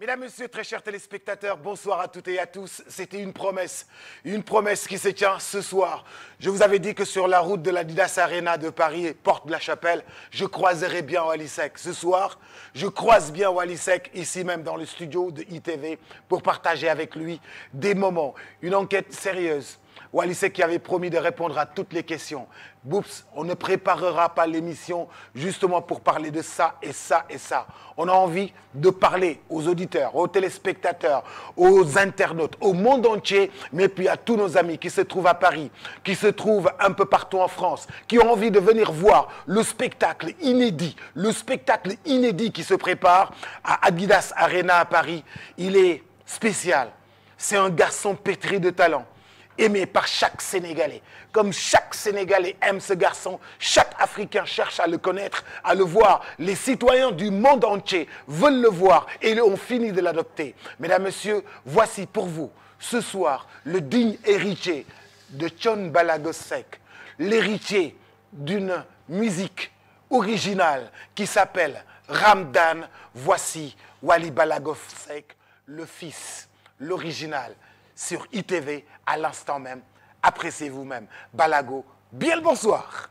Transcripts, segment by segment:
Mesdames, Messieurs, très chers téléspectateurs, bonsoir à toutes et à tous. C'était une promesse, une promesse qui se tient ce soir. Je vous avais dit que sur la route de la Didas Arena de Paris, porte de la Chapelle, je croiserai bien Walisek. Ce soir, je croise bien Walisek ici même dans le studio de ITV pour partager avec lui des moments, une enquête sérieuse, Wallis qui avait promis de répondre à toutes les questions. Boops, on ne préparera pas l'émission justement pour parler de ça et ça et ça. On a envie de parler aux auditeurs, aux téléspectateurs, aux internautes, au monde entier, mais puis à tous nos amis qui se trouvent à Paris, qui se trouvent un peu partout en France, qui ont envie de venir voir le spectacle inédit, le spectacle inédit qui se prépare à Adidas Arena à Paris. Il est spécial. C'est un garçon pétri de talent aimé par chaque Sénégalais. Comme chaque Sénégalais aime ce garçon, chaque Africain cherche à le connaître, à le voir. Les citoyens du monde entier veulent le voir et ont fini de l'adopter. Mesdames, Messieurs, voici pour vous, ce soir, le digne héritier de John Balagosek, l'héritier d'une musique originale qui s'appelle Ramdan. Voici Wali Balagosek, le fils, l'original sur ITV à l'instant même. Appréciez vous-même. Balago, bien le bonsoir.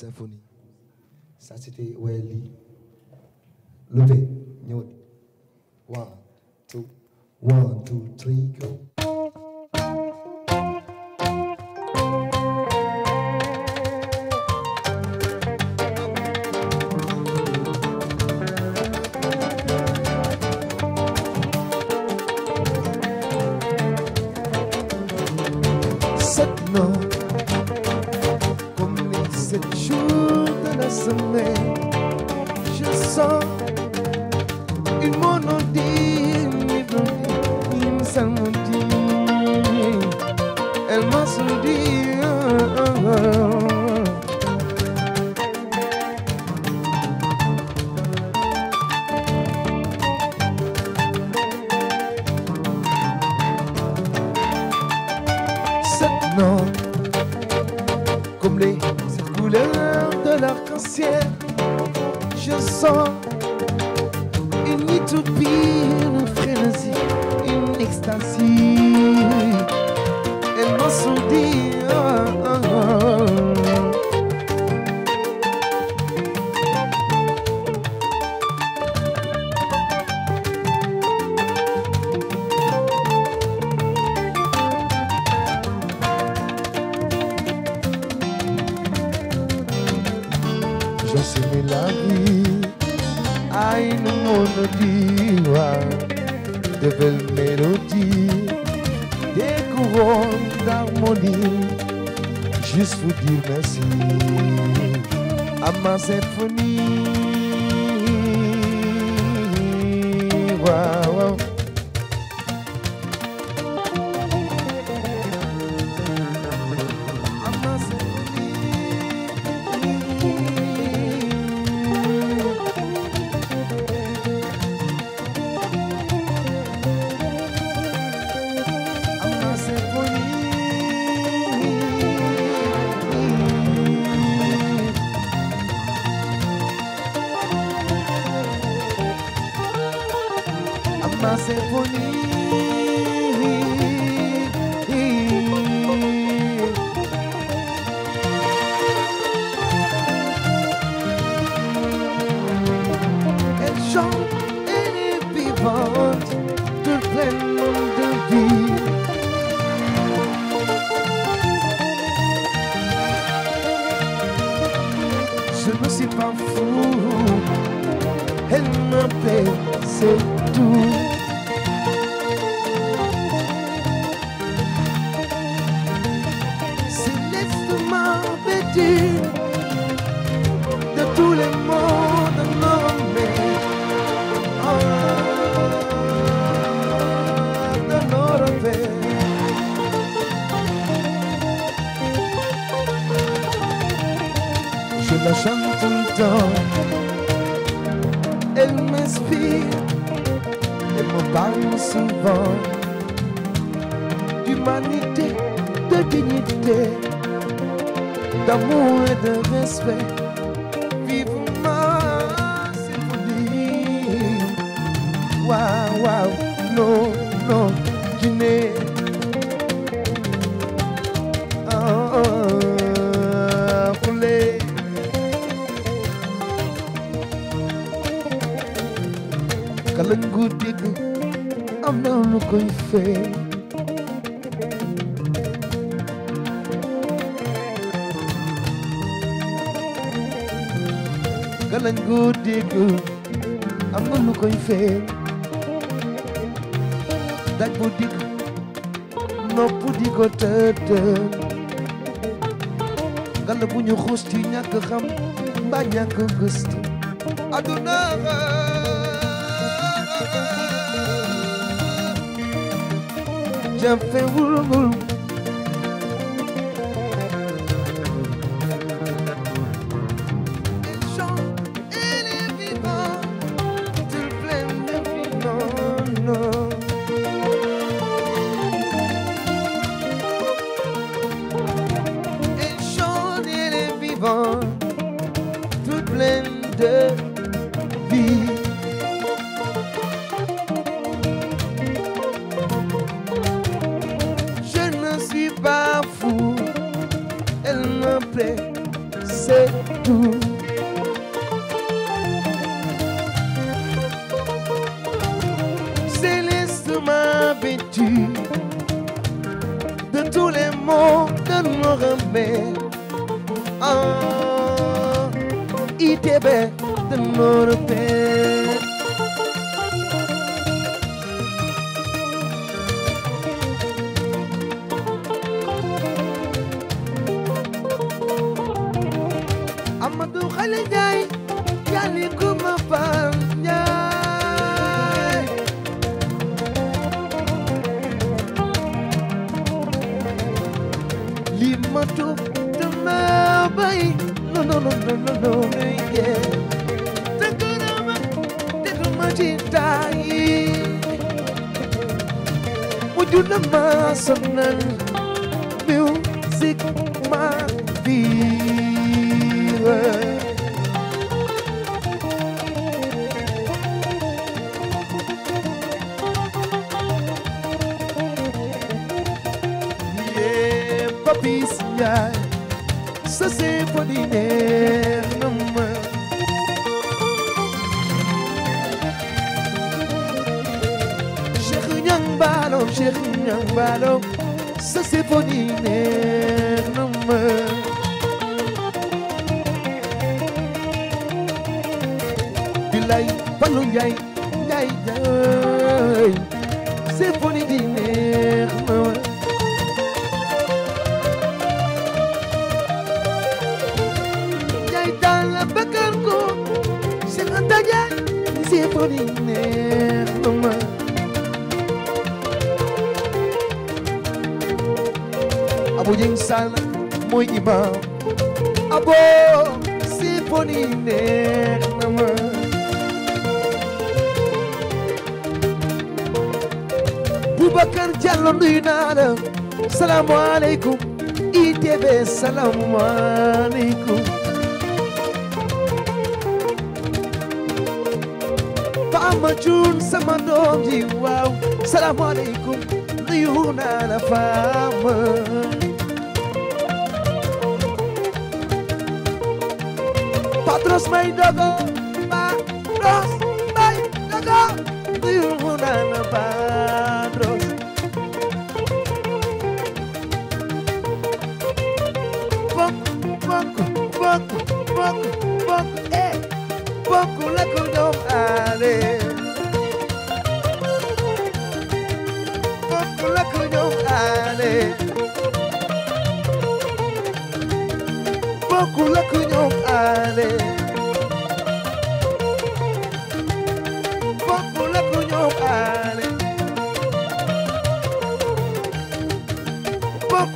symphony sa cité waaye lii One, two. One, two, three. go lagi ay nung mono diwa de bel melody de couronne d'harmonie juste vous dire merci à ma symphonie wow, wow. c'est, c'est tout. m'a vêtu de tous les mots de nos remèdes Ah, ITB de nos repères.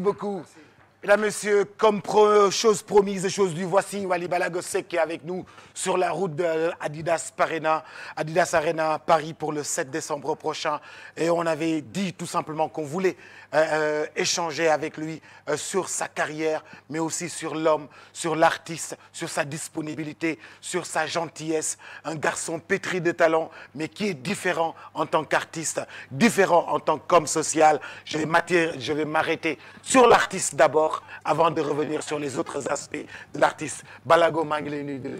Merci beaucoup. là monsieur comme chose promise, chose du voici, Wali Balagosek est avec nous sur la route de Adidas, Parena, Adidas Arena Paris pour le 7 décembre prochain. Et on avait dit tout simplement qu'on voulait euh, euh, échanger avec lui euh, sur sa carrière, mais aussi sur l'homme, sur l'artiste, sur sa disponibilité, sur sa gentillesse. Un garçon pétri de talent, mais qui est différent en tant qu'artiste, différent en tant qu'homme social. Je vais m'arrêter sur l'artiste d'abord, avant de revenir sur les autres aspects de l'artiste. Balago Manglenu de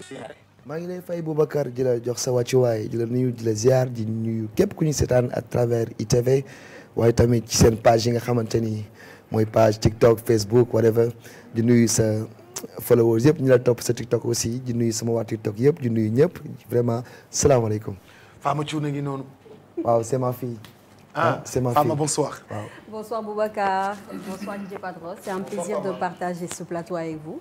fay Boubacar di la la di la à travers ITV waaye tamit ci seen page yi nga xamante ni mooy page TikTok Facebook whatever di nuyu sa followers yëpp ñu la topp sa TikTok aussi di nuyu sama waa TikTok yëpp di nuyu ñëpp vraiment salaamaaleykum. Fama Thioune ngi noonu. waaw c'est ma fille. Ah, hein, c'est ma Fama, bonsoir. Wow. Bonsoir Boubacar, bonsoir DJ Padros. C'est un plaisir de partager ce plateau avec vous.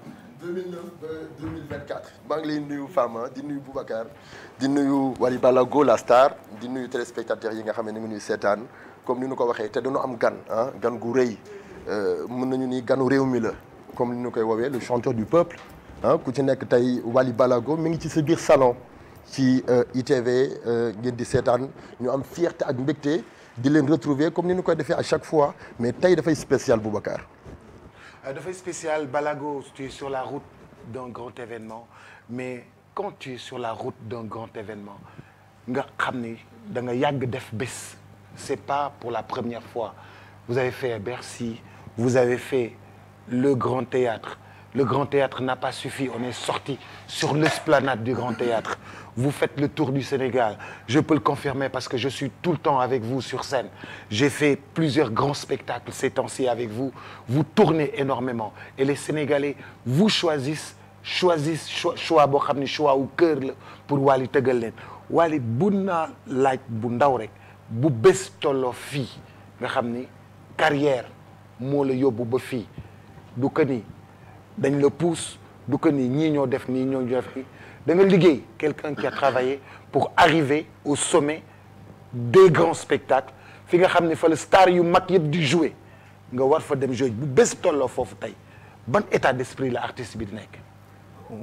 2024 Bangli Boubacar la star di nuyu téléspectateurs yi nga 7 comme ni ko waxé té dañu am gan ah, gan gu euh, mën comme ni koy le chanteur du peuple Hein, ku ci mi ngi ci ce salon ci euh, ITV euh, di ñu am fierté ak di retrouver comme nous koy à chaque fois mais de fay spécial Boubacar effet euh, spécial Balago tu es sur la route d'un grand événement mais quand tu es sur la route d'un grand événement nga c'est pas pour la première fois vous avez fait Bercy vous avez fait le Grand Théâtre le Grand Théâtre n'a pas suffi on est sorti sur l'esplanade du Grand Théâtre vous faites le tour du Sénégal. Je peux le confirmer parce que je suis tout le temps avec vous sur scène. J'ai fait plusieurs grands spectacles ces temps-ci avec vous. Vous tournez énormément. Et les Sénégalais vous choisissent, choisissent, choix ou choix ou cœur pour Wally tëggal Wali Wally Light naa Boubestolofi, bu ndaw rek bu nga carrière moo la ba du ni pousse ni ñoo def da nga liggéey quelqu'un qui a travaillé pour arriver au sommet des grands spectacles fi nga xam ne fa la star yu mag yëpp di jouer nga war fa dem jouer bu bés tolloo foofu tey ban état d'esprit la artiste bi di nekk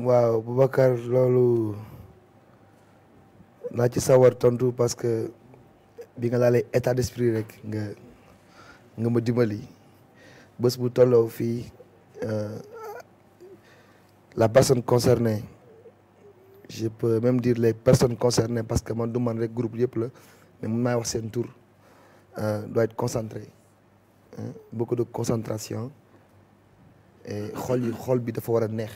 waaw Boubacar loolu naa ci sawar tontu parce que bi nga laalee état d'esprit rek nga nga ma dimbali bés bu tolloo fii euh, la personne concernée je peux même dire les personnes concernées parce que man du man rek groupe yëpp la mais mun naa wax seen tour euh, doit être concentré hein? beaucoup de concentration et xol yi xol bi dafa war neex.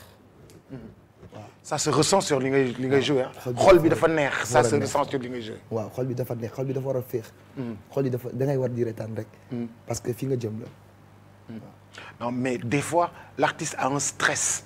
ça se ressent sur li ngay li ngay hein? Le xol bi dafa neex ça se ressent sur li ngay joué. waaw xol bi dafa neex xol bi dafa war a féex. Hmm. xol yi dafa da ngay war di rek. Hmm. parce que fi nga jëm la. Hmm. non mais des fois l'artiste a un stress.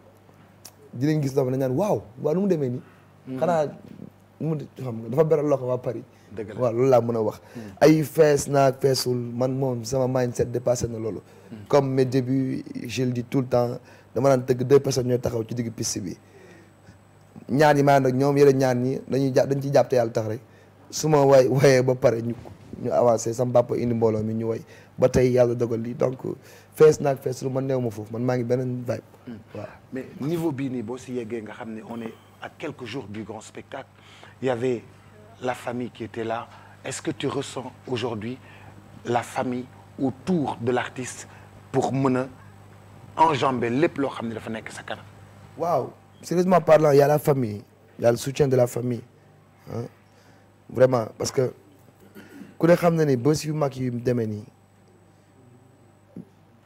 dinañ gis dafa ne ñaan waaw waaw nu mu demee nii. Hmm. xanaa mu xam dafa beral loxo waa Paris. dëgg la loolu laa mën a wax. Hmm. ay fees naa feesul man moom sama mindset dépassé na loolu. Hmm. comme mes débuts je le tout le temps dama naan tëgg deux personnes ñooy taxaw ci digg piste bi. ñaar yi maanaam ñoom yële ñaan ñi dañuy jàpp dañ ciy jàpp te yàlla tax rek su ma waay wayee ba pare ñu ñu avancé sama papa indi mbooloo mi ñu way ba tey yàlla dogal lii donc. fees naag man man vibe hmm. mais niveau de ni bo si nga on est à quelques jours du grand spectacle il y avait la famille qui était là est-ce que tu ressens aujourd'hui la famille autour de l'artiste pour enjamber les plots xamné ne dafa nek sa kanam waaw sérieusement parlant il y a la famille il y a le soutien de la famille hein. vraiment parce que ku ne xam ni bés yu yu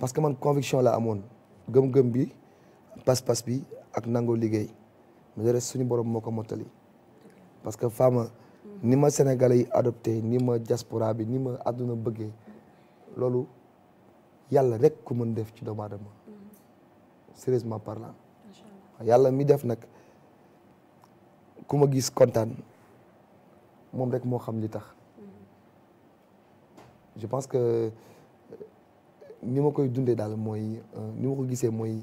parce que mon conviction là amoon gëm-gëm bi pas-pas bi ak nango liggéey mais le reste suñu borom moko motali. parce que femme, ni ma Sénégalais yi adopté ni ma diaspora bi ni ma aduna bëggé. lolu, yalla rek ku mën def ci doom aadama sérieusement parlant Yalla mi def nak kuma ma gis kontaan moom rek mo xam li tax mm-hmm. je pense que ni ma koy dundee daal mooy euh, ni ma ko gisee mooy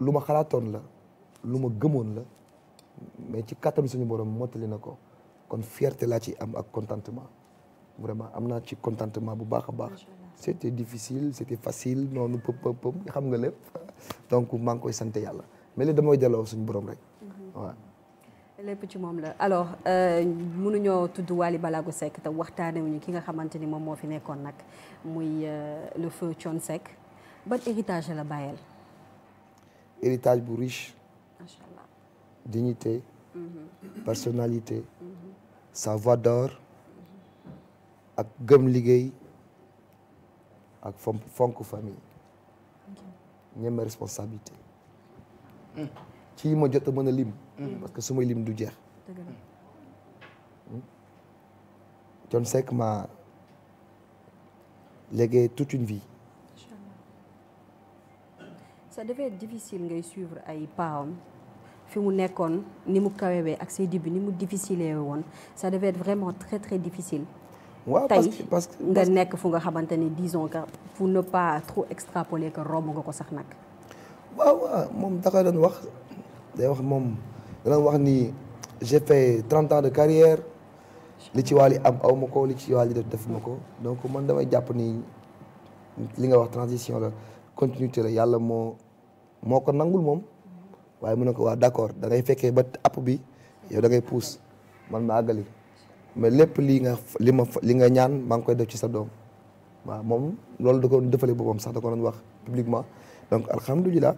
lu ma xalaatoon la lu ma gëmoon la mais ci kattanu suñu borom mottali na ko kon fierté laa ci am ak contentement vraiment am naa ci contentement bu baax a baax. c'était difficile c'était facile noonu pëp pëp pëp xam nga lépp donc maa ngi koy sant yàlla mais li damooy delloo suñu boroom rek mhm. lépp ci moom la alors euh, mënuñoo tudd Wally Balago Seck waxtane wuñu ki nga xamanteni mom moom moo fi nekkoon nag muy euh, le feu Thione Seck ban héritage la bayel héritage bu riche dignité allah dignité mhm. personnalité mhm. savoir d'or ak gëm liggéey ak fonku fonk famille ñeme responsabilité ci ma jot mëna mën a lim Mm. parce que su lim du jeex. Hmm? John Seck m'a légué toute une vie. ça devait être difficile de suivre ay parents. fi mu nekkoon ni mu kawewee ak say début ni difficile ça devait être vraiment très très difficile. Oui parce que nga nekk fu nga avez ni disons que pour ne pas trop extrapoler que Rome nga ko sax nag. waaw waaw moom da koy wax day wax dañ wax ni j'ai fait 30 ans de carrière li ci wali am ya, aw ma li ci wali def defuma ko donc man damay japp ni li nga wax transition la continuité la yalla mo moko nangul mom waye mu ne ko d'accord da ngay fekke ba app bi yow da ngay pousse man ma agali mais lepp li nga li ma li nga ñaan ma ngi koy def ci sa doom wa mom lolou da ko defale bopam sax da ko doon wax publiquement donc alhamdoulillah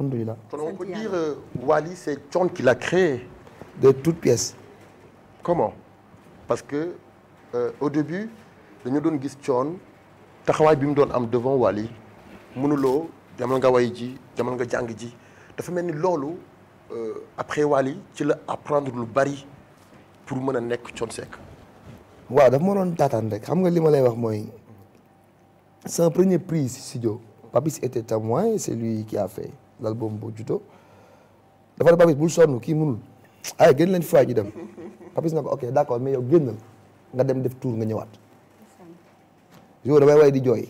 On peut dire que euh, Wali, c'est John qui l'a créé. De toutes pièces. Comment Parce que euh, au début, nous avons dit devant Wali Nous avons nga way nga euh, après Wali ci apprendre lu bari pour a nous ma c'est un premier prix Papis était témoin c'est lui qui a fait. lal boobu boo juddoo dafa ne Papis bul sonn kii munul ay génn leen fay ñu dem Papis na ko ok d' accord mais nga dem def tour nga ñëwaat. yow damay way di joy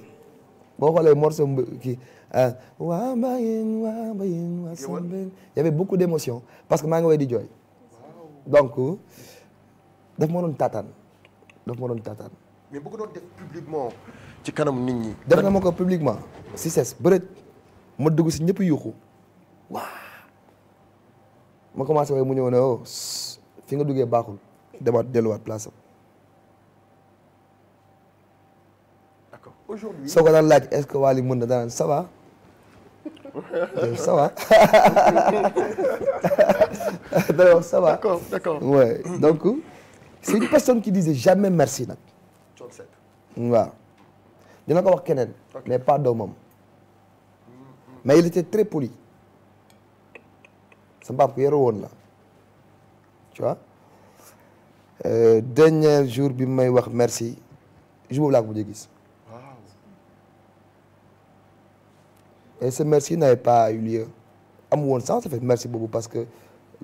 boo xoolee morceau kii euh, waa mbayin waa mbayin waa sambeen y avait beaucoup d' parce que maa ngi way di joy donc daf ma tatan taataan daf ma doon taataan. mais bu ko def publiquement ci kanam nit ñi. def na ma ko publiquement si ses bërët. ma dugg si ñëpp yuuxu waa ma commencé waaye mu ñëw ne oh fi nga duggee baaxul demaat delluwaat place am. aujourd'hui soo ko daan laaj est-ce que Wally mën na daan ça va ça va dana wax ça va d'accord d'accord ouais donc c'est une personne qui disait jamais merci nag. waaw dina ko wax keneen. mais pas doomam mais il était très poli c'est pas pour yaru tu vois euh, dernier jour bi may wax merci je vous la ko et ce merci n'avait pas eu lieu à mon sens fait merci beaucoup. parce que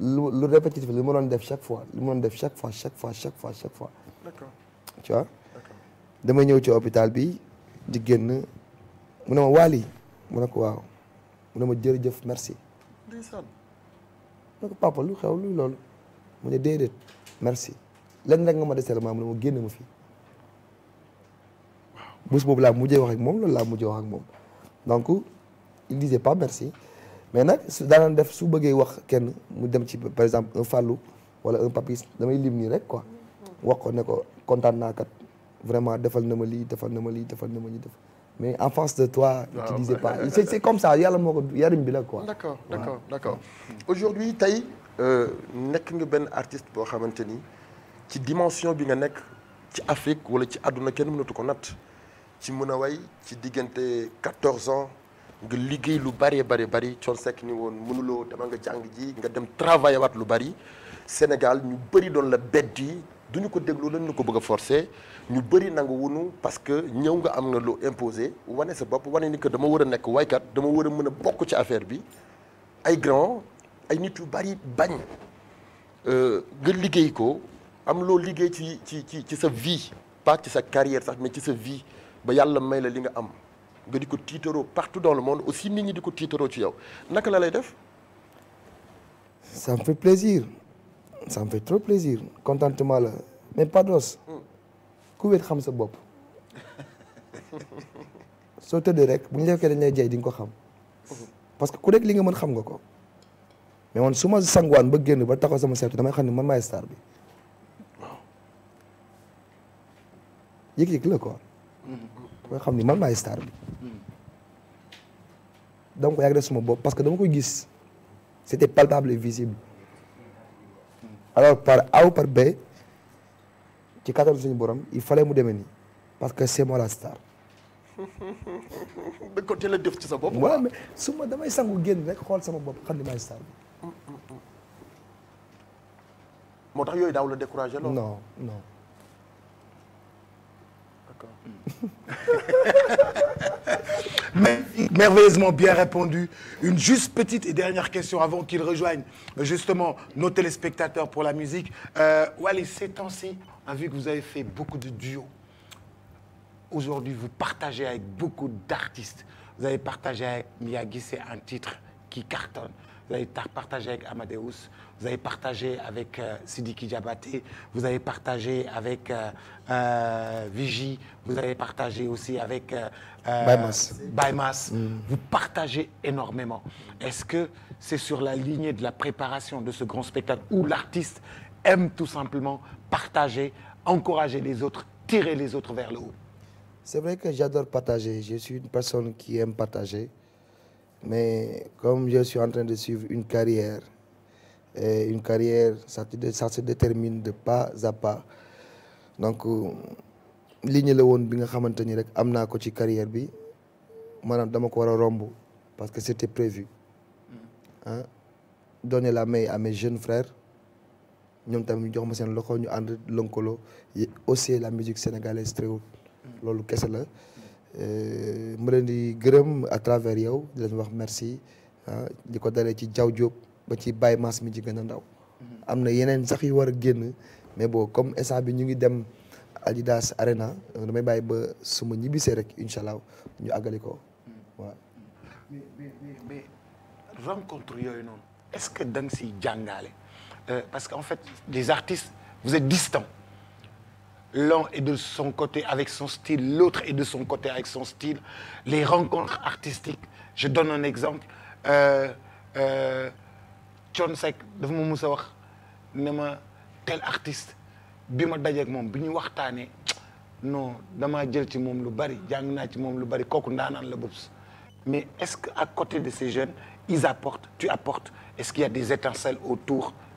le répétitif le monde chaque fois le monde doon chaque fois chaque fois chaque fois chaque fois. d'accord tu vois. dama ñëw ci hôpital bi di génn mon ne wali Wally Je ko waaw. mu ne ma jërëjëf merci. ndeysaan. ne ko papa lu xew lu loolu mu ne déedéet merci lenn rek nga ma deseel maa mu ne ma génne ma fii waaw bés boobu laa mujjee wax ak moom loolu laa mujjee wax ak moom donc il disait pas merci mais nag su daanaan def su bëggee wax kenn mu dem ci par exemple un Fallou wala un Papis damay lim nii rek quoi mm-hmm. wax ko ne ko kontaan naa kat vraiment defal na ma lii defal na ma lii defal na ma lii def mais en face de toi, ah, disais bah, pas. Euh, c'est comme ça, il y a le il y a quoi. D'accord, d'accord, d'accord. Aujourd'hui, Taï, tu euh, nga un artiste qui qui ci dimension bi nga ou ci Afrique wala ci de ko ci 14 ans nga lu bari bari bari ont ni won mënulo dama nga travailler Sénégal ñu bari doon la gens, du ko ko bëgg nous bëri parce que nous nga am imposé wane sa bop wane ni que dama war nek way kat dama Nous a bokku ci affaire bi ay grand ay nit yu bañ euh, liggéey ko am vie pas ci sa carrière sax mais ci sa vie ba may la li nga am nga partout dans le monde aussi nit ñi ça me fait plaisir ça me fait trop plaisir contentement mais pas ku wér xam sa bopp soo tëddee rek bu ñu defee dañ jay di nga ko xam parce que ku nekk li nga mën xam nga ko mais man su ma sanguwaan ba génn ba taxaw sama seetu damay xam ne man maay bi waaw yëg-yëg la mm-hmm. xam ni man maay star bi dama ko yàgg suma bopp parce que dama ko gis c'était palpable et visible mm-hmm. alors par A par B ci kattanu suñu borom il fallait mu demee parce que c'est moi la star. de côté le def ci sa bopp. waaw mais su ma damay sangu génn rek xol sama bopp xamni ni star motax yoy daw la découragé non non. Merveilleusement bien répondu. Une juste petite et dernière question avant qu'il rejoigne justement nos téléspectateurs pour la musique. Euh, Wally, c'est temps-ci, vu que vous avez fait beaucoup de duos. Aujourd'hui, vous partagez avec beaucoup d'artistes. Vous avez partagé avec Miyagi, c'est un titre qui cartonne. Vous avez partagé avec Amadeus, vous avez partagé avec Sidi euh, Sidiki vous avez partagé avec euh, euh vous avez partagé aussi avec euh, Baimas. Mm. Vous partagez énormément. Est-ce que c'est sur la lignée de la préparation de ce grand spectacle où l'artiste aime tout simplement partager, encourager les autres, tirer les autres vers le haut. C'est vrai que j'adore partager. Je suis une personne qui aime partager. Mais comme je suis en train de suivre une carrière, et une carrière, ça, se détermine de pas à pas. Donc, euh, ligne le bi nga je carrière bi parce que c'était prévu mm. hein? donner la main à mes jeunes frères ñoom tamit ñu jox ma seen loxo ñu ànd lëkkaloo aussi la musique sénégalaise très haut loolu kese la euh, ma leen di gërëm à travers yow leen wax merci ah di ko dalee ci Diaw Diop ba ci Baye Mass mi ci gën ndaw. Mm-hmm. am na yeneen sax yi war a génn mais boo comme instant bi ñu ngi dem Adidas Arena euh, damay bàyyi ba suma ñibbisee rek incha allah ñu àggali ko waaw. Mm-hmm. mais mais rencontre yooyu noonu est-ce que da nga jàngale. Euh, parce qu'en fait, les artistes, vous êtes distants. L'un est de son côté avec son style, l'autre est de son côté avec son style. Les rencontres artistiques, je donne un exemple. John euh, euh, tel artiste non je la mais est-ce qu'à côté de ces jeunes ils apportent tu apportes est-ce qu'il y a des étincelles autour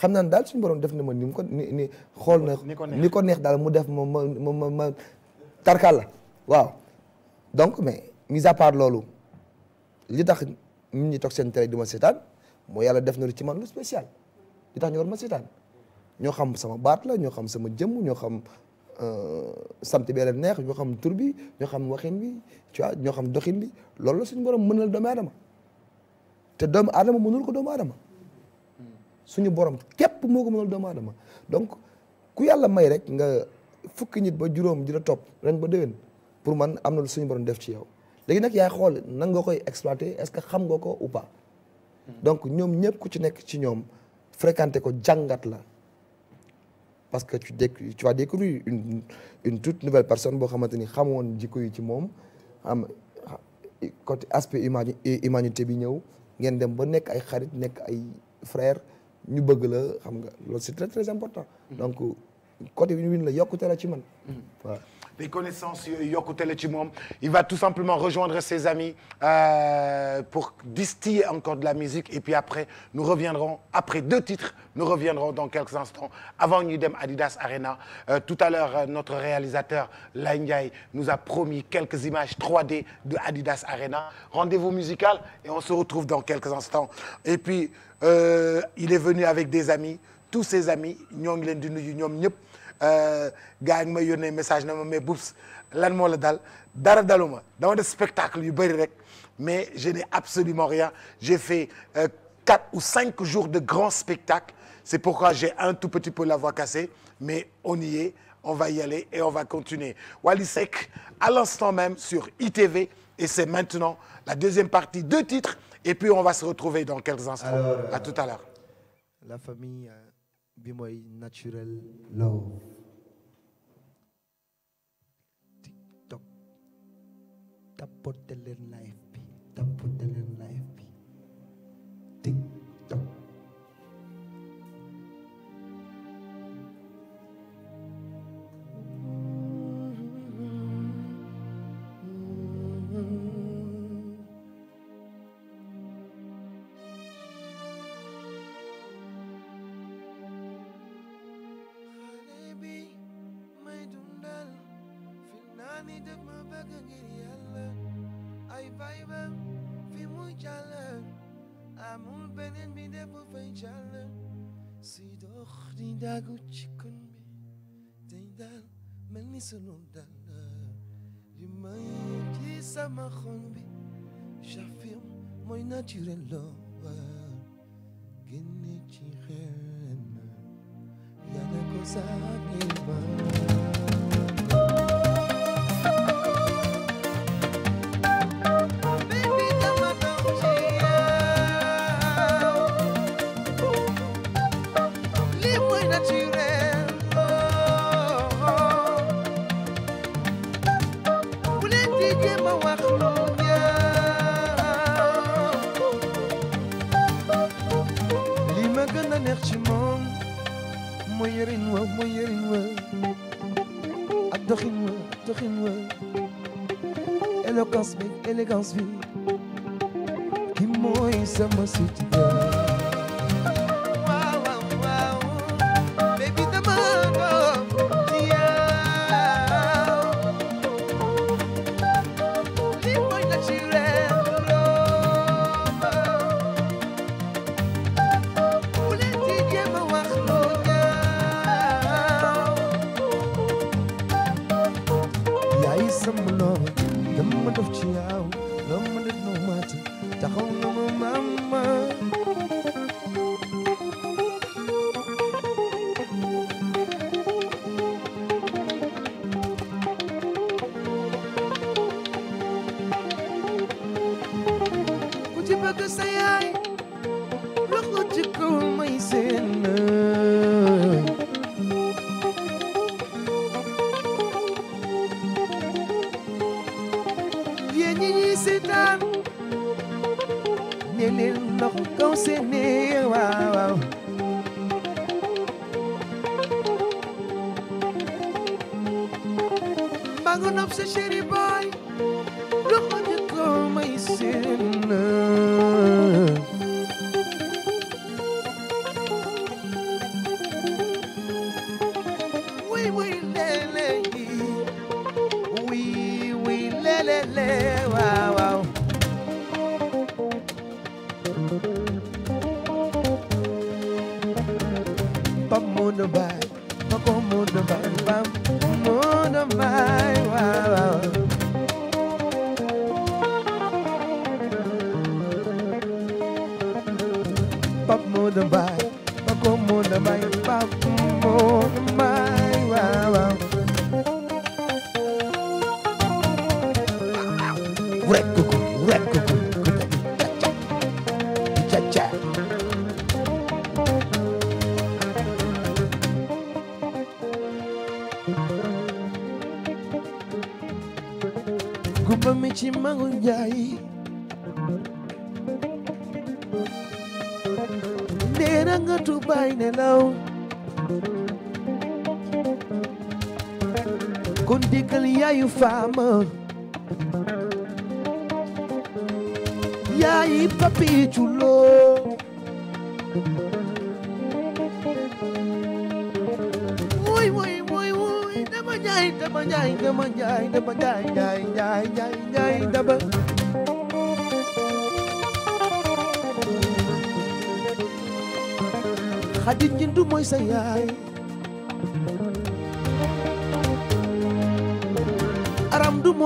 xam naa daal suñu borom def na ma ni mu ko ni xool na ni ko neex daal mu def ma ma ma ma ma waaw donc mais mis à part loolu li tax nit ñi seen télé di ma seetaan moo yàlla def na lu ci man lu spécial li tax ma seetaan ñoo xam sama baat la ñoo xam sama jëmm ñoo xam euh, sant bi neex ñoo xam tur bi ñoo xam waxin bi tu vois ñoo xam doxin bi loolu la suñu borom mën na doomu aadama te doomu aadama mënul ko doomu adama suñu borom képp moo ko mënal doomu aadama donc ku yàlla may rek nga fukki nit ba juróom di topp ren ba déwén pour man am na lu suñu borom def ci yow léegi nag yaay xool nan nga koy exploiter est-ce que xam nga ko ou pas donc ñoom ñëpp ku ci nekk ci ñoom fréquenter ko jàngat la parce que ci dé tu vas découvrir une une toute nouvelle personne boo xamante ni xamoon jikko yi ci moom am ah, côté aspect humanité bi ñëw ngeen dem ba nekk ay xarit nekk ay frère ñu bëgg la xam nga loolu c'est très très important donc côté bi ñu win la yokkute la ci man mm. waaw des connaissances euh, il va tout simplement rejoindre ses amis euh, pour distiller encore de la musique et puis après nous reviendrons après deux titres nous reviendrons dans quelques instants avant Nidem Adidas Arena euh, tout à l'heure notre réalisateur la nous a promis quelques images 3D de Adidas Arena rendez-vous musical et on se retrouve dans quelques instants et puis il est venu avec des amis tous ses amis ñoo ngi di euh, message mais dal spectacle mais je n'ai absolument rien j'ai fait 4 euh, ou 5 jours de grands spectacles c'est pourquoi j'ai un tout petit peu la voix cassée mais on y est on va y aller et on va continuer Walisek à l'instant même sur ITV et c'est maintenant la deuxième partie deux titres et puis on va se retrouver dans quelques instants. à tout à l'heure. Euh, la famille. bi mooy natural love tiktok tappote leen live bi tappote leen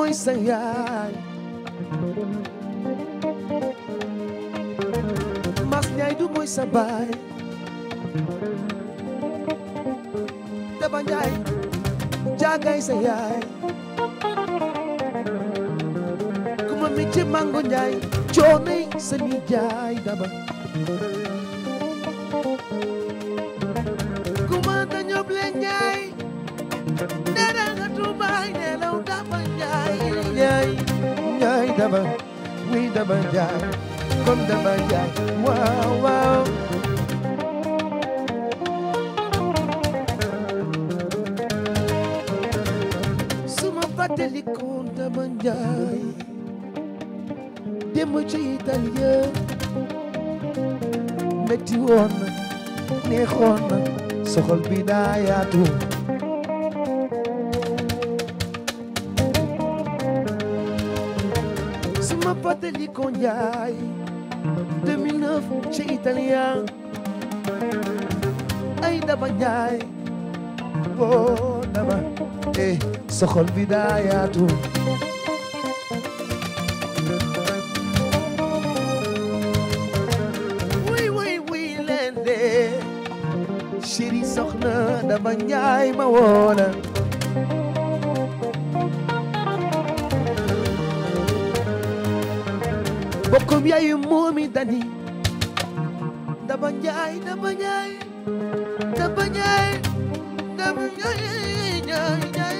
môi xanh dài Mas nyai du môi sa bai Te banjai Jagai sa yai Kuma michi mango nyai Chone sa mi jai daba Thank you. dama oui dama jaay comme dama jaay waaw waaw su ma fàttalikoo dama jaay dem ci italien metti woon na neexoon na soxol bi daa yaatu Raymond Ndiaye 2009 ay daba Ndiaye woo daba eh soxol bi daa yaatu wuy wuy wuy leen soxna daba Ndiaye ma woo comme yaayu moomi dani daba njaay daba njaay daba njaay daba njaay njaay njaay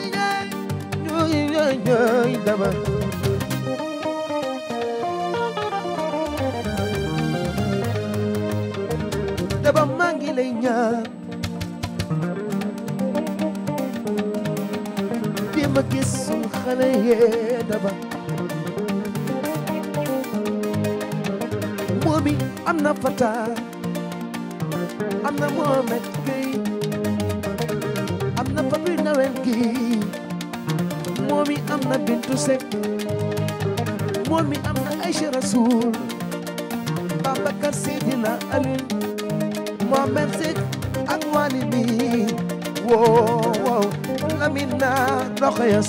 njaay njaay daba kër Seydina Aliou Mohamed Seck ak Wally bi wow wow Lamine na doxaya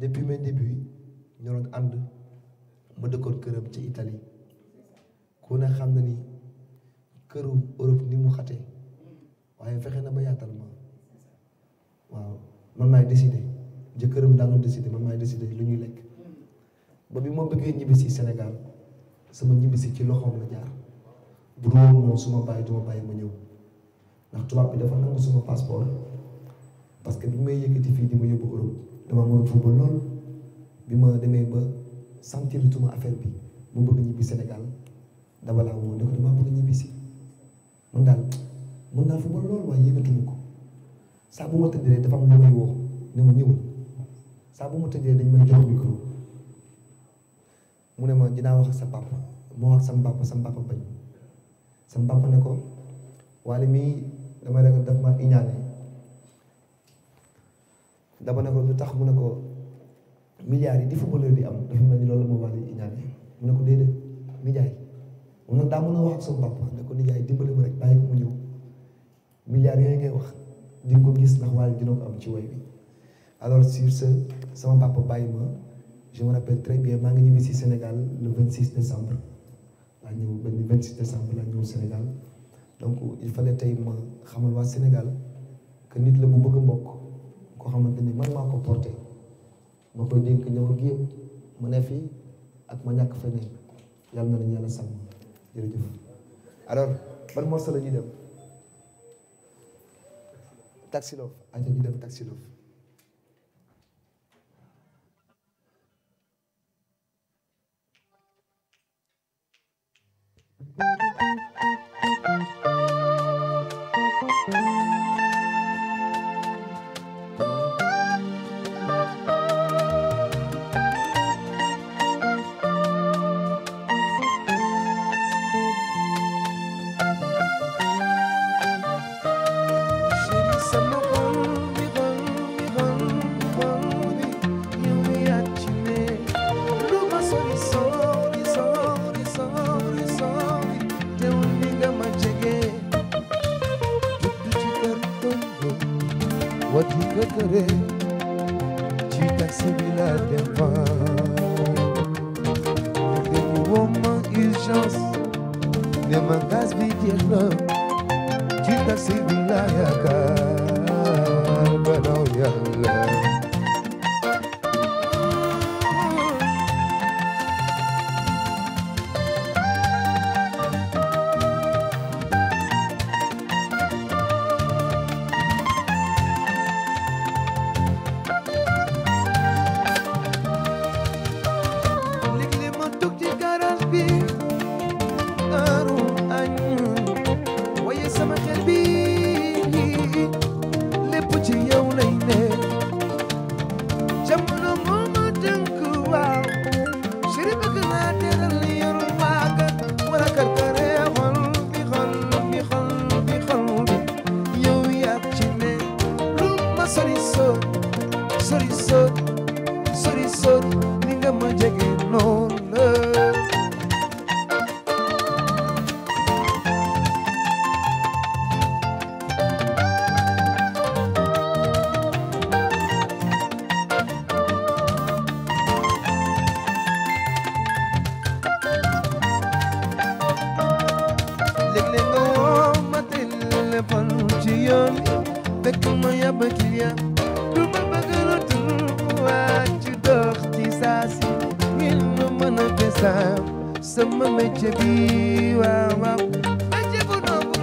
depuis mes débuts ñu doon ànd ma dëkkoon këram ci Italie ku ne xam na ni këru Europe ni mu xatee waaye fexe na ba yaatal ma waaw man maay décider jëkkëram daanu décider man maay décider lu ñuy lekk ba bi ma bëggee ñibbisi Sénégal sama ñibbisi ci loxoom la jaar bu dul woon moom su duma bàyyi ma ñëw ndax tubaab bi dafa nangu suma passeport parce que bi may yëkkati fii di ma yóbbu Europe dama mën football lool bi ma demee ba sentir tuma affaire bi mu bëgg ñibbi Sénégal daba laa woo ne dama bëgg ñibbi si man daal mën naa football lool waaye yëgatuma ko saa bu ma tëddee dafa am lu may woo ne ma ñëwul saa bu ma tëddee dañ may jox micro ne ma dinaa wax sa papa moo wax sa papa sa papa bañ sam papa ne ko waale mii damay rek daf ma iñaane dama ne ko lu tax mu milliards yi di footballeur di am dafa melni ni loolu la ma wax di ñaane mu ne ko déedéet nijaay mu ne wax ak sama papa ne ko nijaay dimbale rek bàyyi ko mu ñew milliards yooyu ngay wax di ko gis nak wal di ko am ci way bi alors sur ce sama papa bayima ma je me rappelle très bien ma ngi ñibbi ci Sénégal le 26 décembre laa ñëw ben 26 décembre la ñëw Sénégal donc il fallait tay ma xamal wa Sénégal que nit la bu bëgg mbokk ko xamanteni man mako porter mako ma koy dénk ñëwal gi yëpp ne fi ak ma ñàkk feneen yàlla na la ñu yàlla sàmm alors ban morceau la ñuy dem Taxi lo ay ñu dem Taxi lo Thank you. mangas viviendo, chita si vilayaka.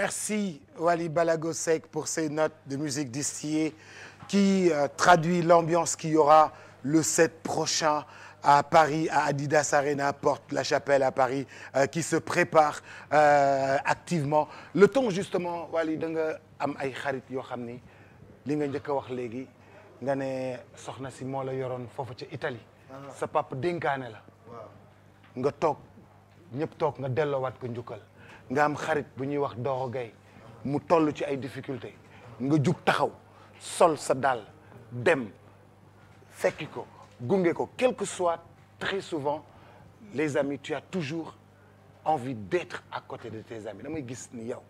Merci Wally Balagosek pour ces notes de musique distillée qui euh, traduit l'ambiance qu'il y aura le 7 prochain à Paris, à Adidas Arena, Porte la Chapelle à Paris, euh, qui se prépare euh, activement. Le ton justement Wally da nga am ay xarit yoo xam ni li nga njëkk a wax léegi nga ne soxna si moo la yoroon foofu Italie. Ah. sa papa dénkaane la. nga toog ñëpp tok nga wat ko nga am xarit bu ñuy wax Doro mu toll ci ay difficulté nga jug taxaw sol sa dal dem fekki ko gunge ko quel que soit très souvent les amis tu as toujours envie d'être à côté de tes amis damay gis ni yow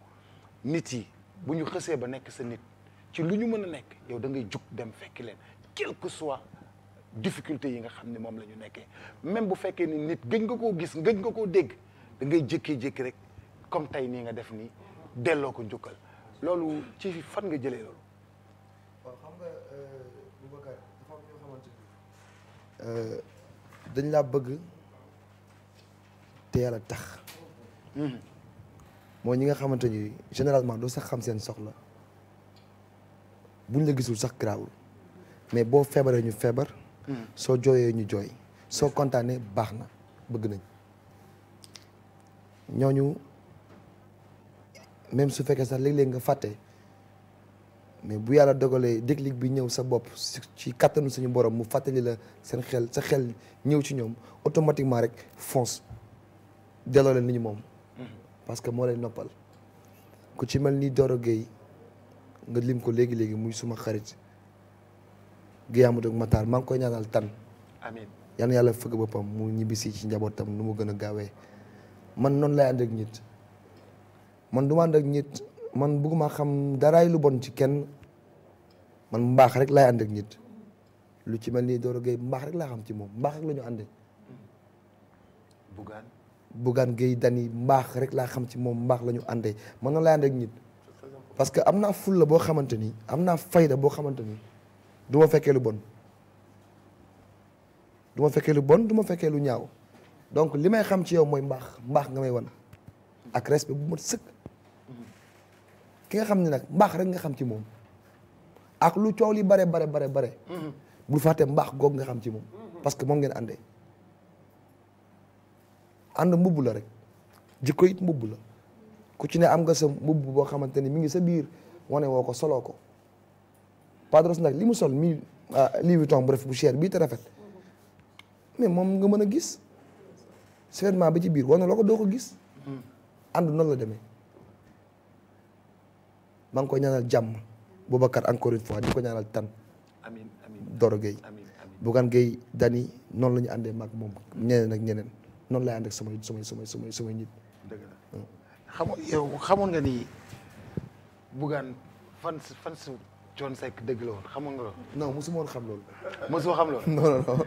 nit yi bu ñu xësee ba nekk sa nit ci lu ñu mën a nekk yow da ngay jug dem fekki leen quel que soit difficulté yi nga xam ne moom la ñu nekkee même bu fekkee ni nit gëj nga koo gis gëj nga koo dégg da ngay jékki-jékki rek comme tey nii nga def nii delloo ko njukkal loolu ci fan nga jëlee loolu. waaw euh, euh, dañ laa bëgg te yàlla tax. Hmm. mooy ñi nga xamante ni généralement doo sax xam seen soxla buñ la gisul sax garaawul mais boo feebaree ñu feebar. Hmm. soo jooyee ñu jooy. soo kontaanee baax na bëgg nañ ñooñu. même su fekké sax léeg-léeg nga faté mais bu yalla dogalé déclic bi ñëw sa bop ci katanu suñu borom mu li la seen xel sa xel ñëw ci ñom automatiquement rek fonce delloo leen li ñu moom. Mm-hmm. parce que mo lay noppal. ku ci melni Doro nga lim ko légui légui muy suma xarit Matar ñaanal tan. Amin. yalla yalla fëgg bopam mu ñibisi ci nu mu gëna gawé man non lay and ak nit man du ma ak nit man buguma xam daraay lu bon ci kenn man mbax rek lay ànd ak nit lu ci melni Doro Gueye rek la xam ci mom mbax rek la ñu bugan bugan gay dani mbax rek la xam ci mom mbax la ñu man na laay ak nit. parce que amna ful la bo xamanteni amna fayda bo xamanteni duma fekke lu bon. duma fekke lu bon duma fekke lu ñaaw donc limay xam ci yow moy mbax mbax nga may wan ak respect bu mat seuk ki nga xamni nak nag rek nga xam ci mom ak lu ciow li bare bare bare bare bu faté mbax gog nga xam ci mom parce que mom ngeen andé and mbubb la rek jikko it mbubb la ku ci ne am nga sa mbubb bo xamanteni mi ngi sa bir woné woko solo ko Padros nag limu sol mi ah, li Vuitton bu ref bu cher bi te rafet nga gis seulement ba ci bir woné lako doko gis ànd noonu la demee maa ngi ko ñaanal jàmm Boubacar encore une fois di ko ñaanal tan amiin amiin Doro Gueye Bougane Gueye Dany noonu la ñu àndee maag moom ñeneen ak ñeneen noonu laay ànd ak samay samay samay samay samay nit dëgg la hmm. xam yow xamoon nga ni Bougane fan fan su Thione Seck dëgg la woon xamoon nga loolu non mosuma woon xam loolu mosuma xam loolu non non non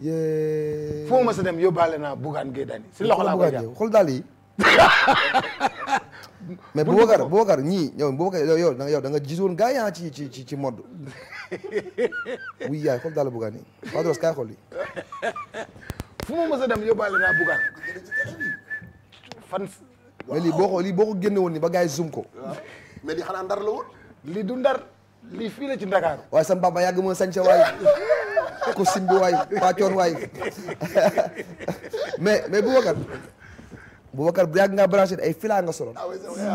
yee. foo ma sa dem yóbbaale naa Bougane Gueye si loxo laa koy jàpp xool daal yi. mais Boubacar Boubacar ñii yow Boubacar yow yow da nga gisoon gars yi ah ci ci ci ci mode. wuy yaay xool daal fu mu mës a dem yóbbaale naa Bougane. fan. mais lii boo ko lii boo ko ba gars yi zoom ko. mais lii xanaa ndar la woon. du ndar. lii fii la ci Ndakaaru waaye sama baba yàgg moo sañse waay ko simbi waay paacoor waay mais mais Boubacar Boubacar yàgg nga branché ay fila nga solo ah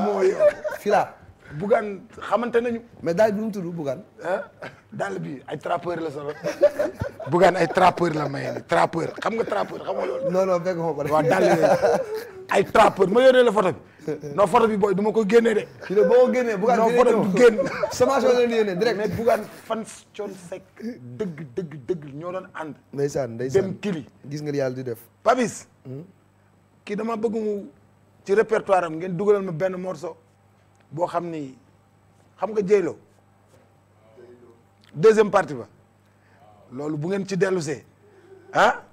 mooy fila Bougane xamante nañu mais daal bi nu mu tudd Bougane bi ay trappeur la solo Bougane ay trappeur la maye ni trappeur xam nga trappeur xam nga loolu non non fekk foofu waaw ay trappeur ma yónnee la photo bi non photo bi boy duma ko guenné dé ci ne bo guenné bu ga no photo bi du génn. semence la ñuy direct. mais ga fan Thione Seck deug deug deug ño doon and ndaysan ndaysan dem kili gis nga yalla di def. Papis. Hmm? ki dama bëgg mu ci répertoire am ngeen dugalal ma ben morceau bo xamni ni xam nga Jeylo. deuxième partie ba loolu bu ngeen ci dellusee ah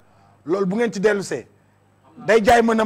loolu bu ngeen ci dellusee day jaay mën a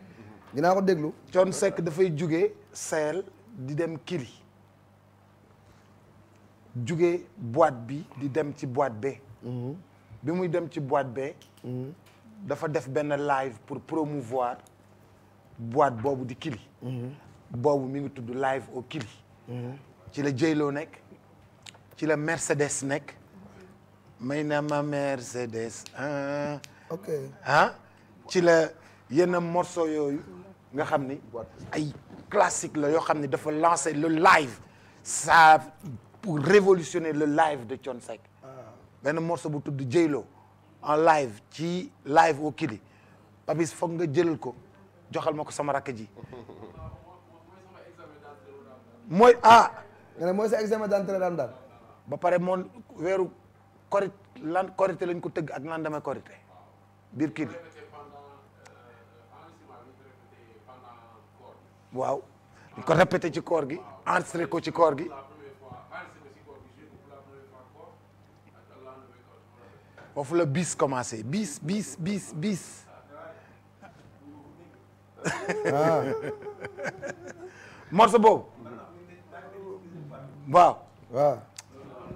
dinaa ko déglu. a Seck dafay Sahel Kili boîte bi di dem ci boîte B. Mhm. bi dem ci boîte mhm. live pour promouvoir boîte de di Kili. Mhm. boobu mi ngi live au Kili. ci le Mercedes nek. ma Mercedes ah. ok ah? morceau nga xam ay classique la yo xam dafa lancer le live ça pour révolutionner le live de Thione Seck ah. benn morceau bu tudd Jëyloo en live ci live au Kili Papis foog nga jëlal ko joxal mako sama rakk ji mooy ah nga moy sa examen d'entrée dans dal ba paré mon wéru korité lan korité lañ ko teug ak lan dama korité biir Kili waaw ñu ko répété ci koor gi enregistré ko ci koor gi foofu la bis commencé bis bis bis bis morceau boobu waaw waaw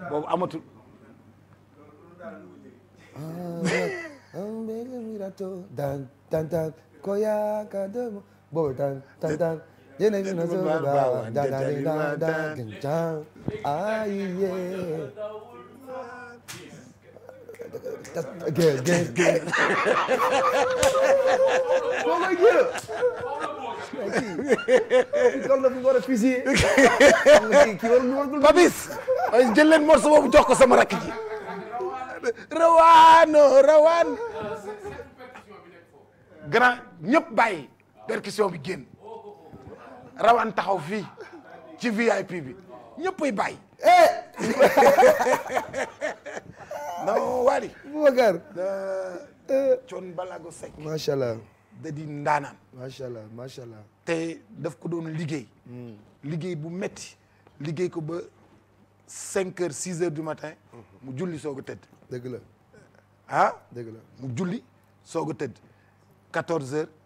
boobu amatul dan dan dan ko demo bodan dan dan Yanayi na zo da bawa da da da da gincan ayiye. Again, again, again. Kom maar hier. Ik kan dat niet worden fysiek. Babis, jox ko sama rakk ji. Rawaan, rawaan. Grand, percussion bi génn rawaan taxaw fii ci VIP bi ñëppay bàyyi. Eh! non não Boubacar. Thione Ballago Seck. macha allah. da di ndaanaan. macha allah macha allah. te daf ko doon liggéey. Hmm. liggéey bu metti liggéey ko ba cinq heures six heures du matin. mu julli soog a tëdd. dëgg la ah. dëgg la mu julli soog a tëdd quatorze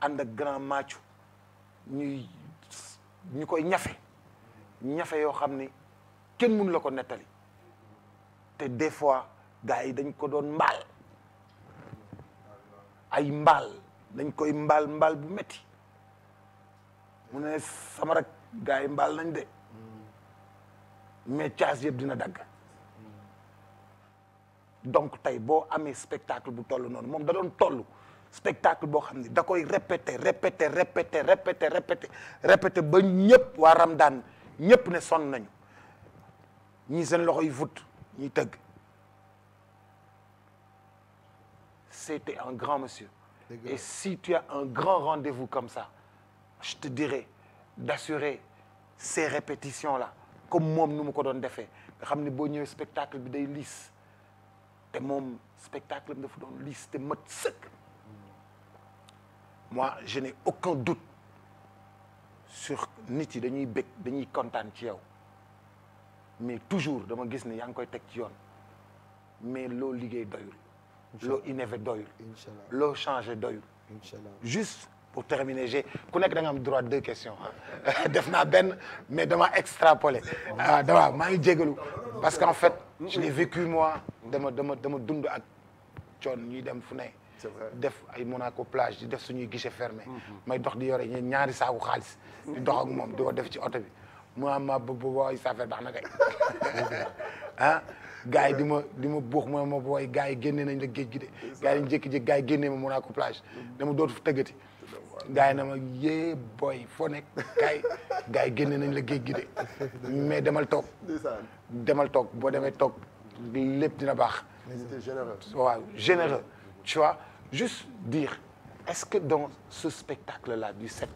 And grand match, ñuy ñu koy ñafé ñafe yoo fait. kenn des fois gaay dañ ko doon mbal ay mbal dañ koy mbal mbal bu metti mu sama rek gaay mbal nañ mais donc tay bo spectacle bu toll spectacle bo xamni da koy répéter répéter répéter répéter répéter répéter ba ñepp wa Ramadan ñepp ne son nañu ñi seen loxo yi fut ñuy c'était un grand monsieur et si tu as un grand rendez-vous comme ça je te dirais d'assurer ces répétitions là comme mom nu ko doon defee nga xam ne spectacle bi day lisse té mom spectacle bi dafa doon liis te mat sëkk moi je n'ai aucun doute sur Niti De dañuy bég dañuy kontaan ci yow mais toujours dama mon ne yaa ngi koy teg ci mais l'eau liggéey doyul. l'eau innové doyul. loo changé doyul. juste pour terminer j'ai connais que da nga am droit deux questions hein. def naa Ben, mais dama extrapolé ah dama maa ngi parce qu'en fait je l'ai vécu moi dama dama dama dund ak coon ñuy dem fu def ay Monaco plage di def suñuy guichet fermé mhm. may dox di yoré ñaari saagu di dox ak mom di def ci bi ma sa fait ah gaay di ma di ma mo boy gaay nañ la dé Monaco plage mhm. dama dootu fu tëggati gaay na ma nañ la mais demal tok demal il y a lepp dina généreux tu vois Juste dire, est-ce que dans ce spectacle-là du 7,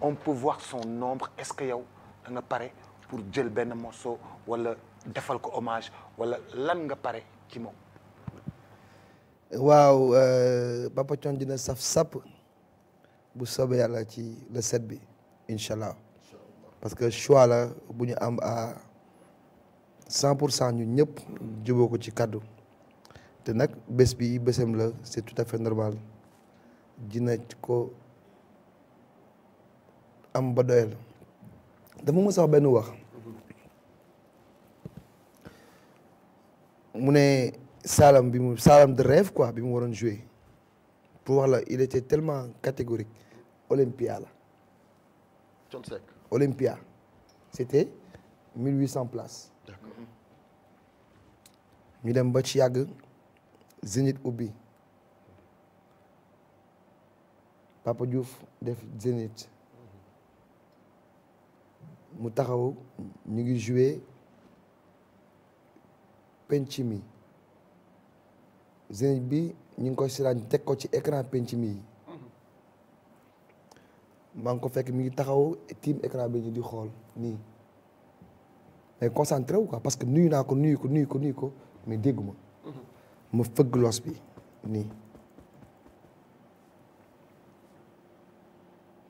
on peut voir son ombre? Est-ce qu'il y a un appareil pour Djel Ben Mosso, ou le ko hommage wala lan nga qui ci moom. waaw euh, Papa Thione dina saf sàpp bu soobee la le 7 bi inchallah parce que choix la am à 100% cadeau te nak bés bi la c'est tout à fait normal dina ko am ba doyal Dama mës a wax wax bi mu de rêve quoi bi mu jouer pour voir là, il était tellement catégorique Olympia là. Olympia c'était 1800 places. places ñu dem ba Zénith ubbi Papa juf def Zénith mu taxaw ñu ngi joué penc mi Zénith bi ñu ngi ko siraan teg ko ci écran penc mi yi maa ngi ko fekk mi ngi taxaw tiim écran bi ñu di xool nii mais concentré wu quoi parce que nuyu naa ko nuyu ko nuyu ko nuyu ko dégguma मुफगलॉस bi ni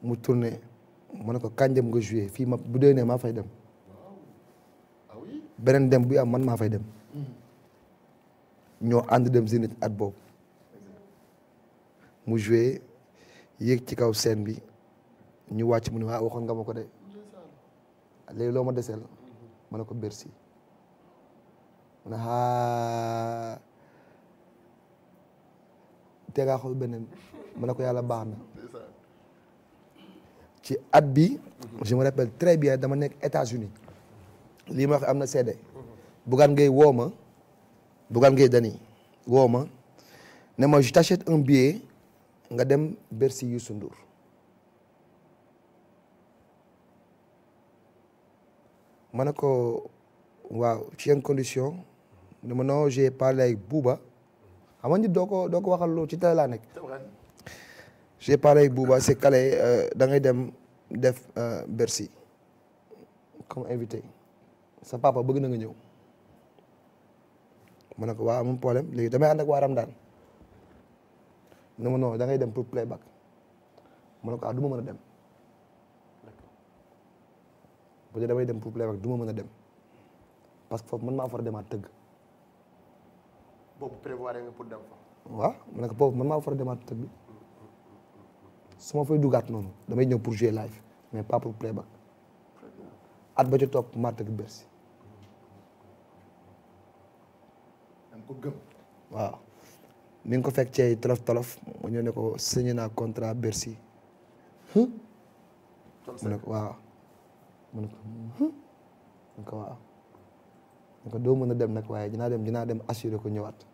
mu tourné mu ne ko kañ nga joué fii ma bu déwénee maa fay dem ah beneen dem bu am man maa fay dem ñoo ànd dem si at boobu mu joué yéeg ci kaw scène bi ñu wàcc mu ne waa waxoon nga ma ko de léegi ma mm-hmm. ma ko bersi mu ne tegaa xool benen, ma ne ko yàlla baax na ci at je me rappelle très bien dama nekk États-Unis lii ma wax am na seede Bougane Gueye woo ma Bougane Gueye Dany woo ne ma je t'achète un billet nga dem Bercy Youssou Ndour ma ne ko waaw ci une condition ne non j'ai parlé avec Bouba xam nga doko doo ko doo ko waxal loolu ci télé laa nekk kan? parlé Bouba c'est calé eh, da ngay dem def Bercy comme invité sa papa bëgg na nga ñëw ma ne ko waaw amul problème léegi damay ànd ak waa Ramdan ne ma non da ngay dem pour playback ma ne ko ah du dem bu dee damay dem pour playback du ma mën a dem parce que foofu man maa demaat tëgg boobu prévoir nga pour dem fa. waaw mu ne ko boobu man maa fa demaat tëgg bi su dugaat pour jouer live mais pas pour playback at ba ci topp maa tëgg bersi da ko gëm. waaw mi ngi ko fekk ci kontra tolof mu ñëw ne ko signé naa contrat Bercy. mu ne ko waaw ko ne waaw dem nag waaye dinaa dem dinaa dem assuré ko ñëwaat.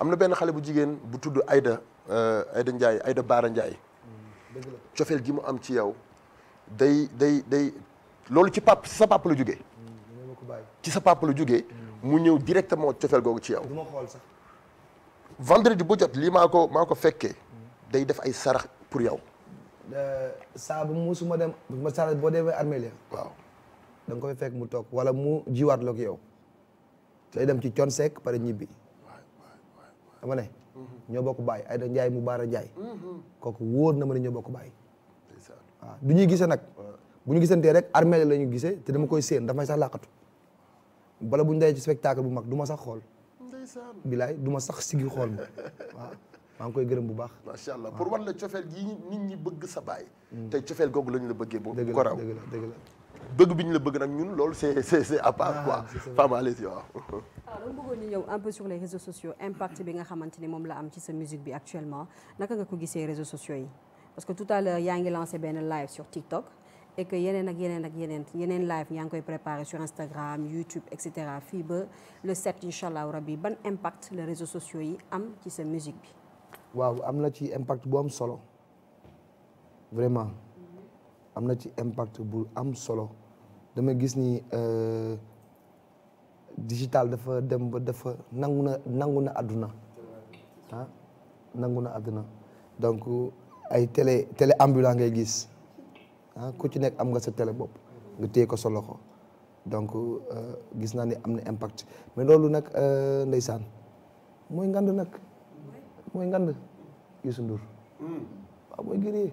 am na benn xale bu jigéen bu tudd Aïda euh, Aïda Ndiaye Aïda Baara Ndiaye cofeel gi mu am ci yow day day day loolu ci pap ci sa pap la mm, ci sa pap la mm. mu ñëw directement cofeel googu ci yow du ma xool sax vendredi bu jot lii maa ko maa ko fekkee day def ay sarax pour yow euh, mu su ma dem ma sarax boo demee armée waaw da nga koy fekk mu toog wala mu jiwaat la ko yow day dem ci con sec pare ñibbi dama ne. ñoo bokk bàyyi Ayda Ndiaye mu Baara njaay kooku wóor na ma ne ñoo bokk bàyyi. waaw du ñuy gisee nag. bu ñu gisantee rek armée la ñu gisee te dama koy séen dafay sax làqatu. bala bu ñu dee ci spectacle bu mag du ma sax xool. bilaay du ma sax siggi xool ma waaw. maa ngi koy gërëm bu baax. macha allah pour wan la cofeel yi nit ñi bëgg sa baay. Mm. te cofeel googu la ñu la bëggee. boo ko raw dëgg la la. bëgg biñ la bëgg nak ñun loolu c'est c'est à part ah, quoi Fama allez-y waaw waaw dama ñu ñëw un peu sur les réseaux sociaux impact bi nga xamanteni mom la am ci sa musique bi actuellement naka nga ko gisee réseaux sociaux yi parce que tout à l'heure yaa ngi lancé benn live sur TikTok et que yenen ak yenen ak yenen yenen live yaa koy préparer sur Instagram YouTube etc. cetera le 7 incha rabbi rabi ban impact les réseaux sociaux yi am ci sa musique bi waaw am na ci impact bu am solo vraiment am na ci impact bu am solo dama gis ni euh, digital dafa dem ba dafa nangu na nangu na àdduna nangu na àdduna donc ay télé télé ambulant ngay gis ah ku ci nekk am nga sa télé bopp nga téye ko sa loxo donc euh, gis naa ni am na impact mais loolu nag euh, ndeysaan mooy ngand nag mooy ngand Youssou Ndour hmm. waaw mooy gëree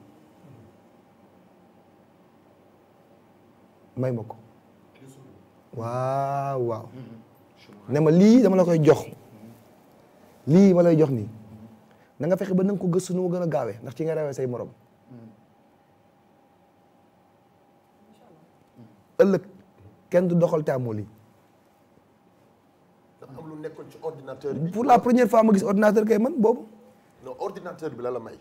may ma ko waaw waaw mm-hmm. ne ma lii dama la koy jox mm-hmm. lii ma lay jox nii mm-hmm. na nga fexe ba na ko gëstu nu mu gën a gaawee ndax ci nga rawee say morom ëllëg kenn du doxal te amoo lii lu nekkoon ci ordinateur bi pour la première fois ma gis ordinateur kay man boobu non ordinateur bi la la may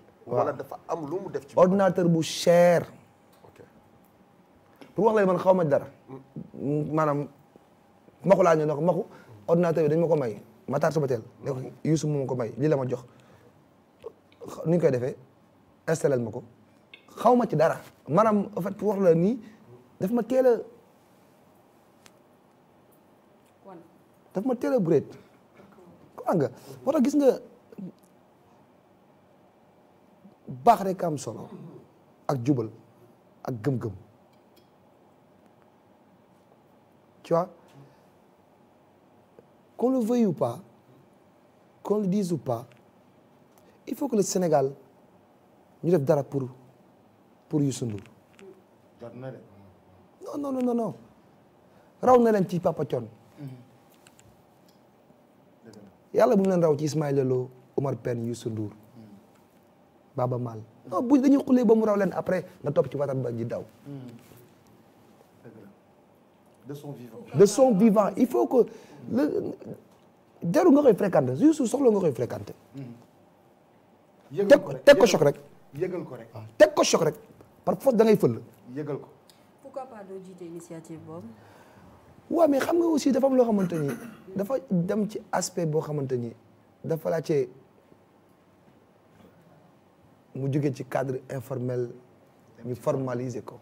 bu cher pour wax la man xaw ma dara maanaam maxu laa ñëw ne ko maxu ordinateur dañ ma ko may Matar Subatel ne teel Youssou mu ma ko may lii la ma jox ni koy defee installé ma ko xaw ma ci dara maanaam en fait wax la nii daf ma teel a daf ma teel a bret xam nga war gis nga baax rek am solo ak jubal ak gëm-gëm Tu vois Qu'on le veuille ou pas, qu'on le dise ou pas, il faut que le Sénégal nous def dara pour pour Youssou Ndour. non non non non non raw na un ci Papa Thione. Mm-hmm. yàlla bu mu leen raw ci Ismaïla Lo Omar Pern Youssou Ndour. Mm. Baba Mal. non bu dañuy xulee ba mu raw après nga topp ci waxtaan ba ji daw. Mm de son vivant de son vivant il faut que le jarul nga koy fréquenter juste soxla nga koy fréquenter. Mm-hmm. yëgal ko rek teg ko choc rek. yëgal ko rek teg ko choc rek par force da ngay fël. yëgal ko. pourquoi pas doo jiite initiative boobu. waaw mais xam nga aussi dafa am loo xamante ni dafa dem ci aspect boo xamante ni dafa laajte mu jóge ci cadre informel ñu formaliser ko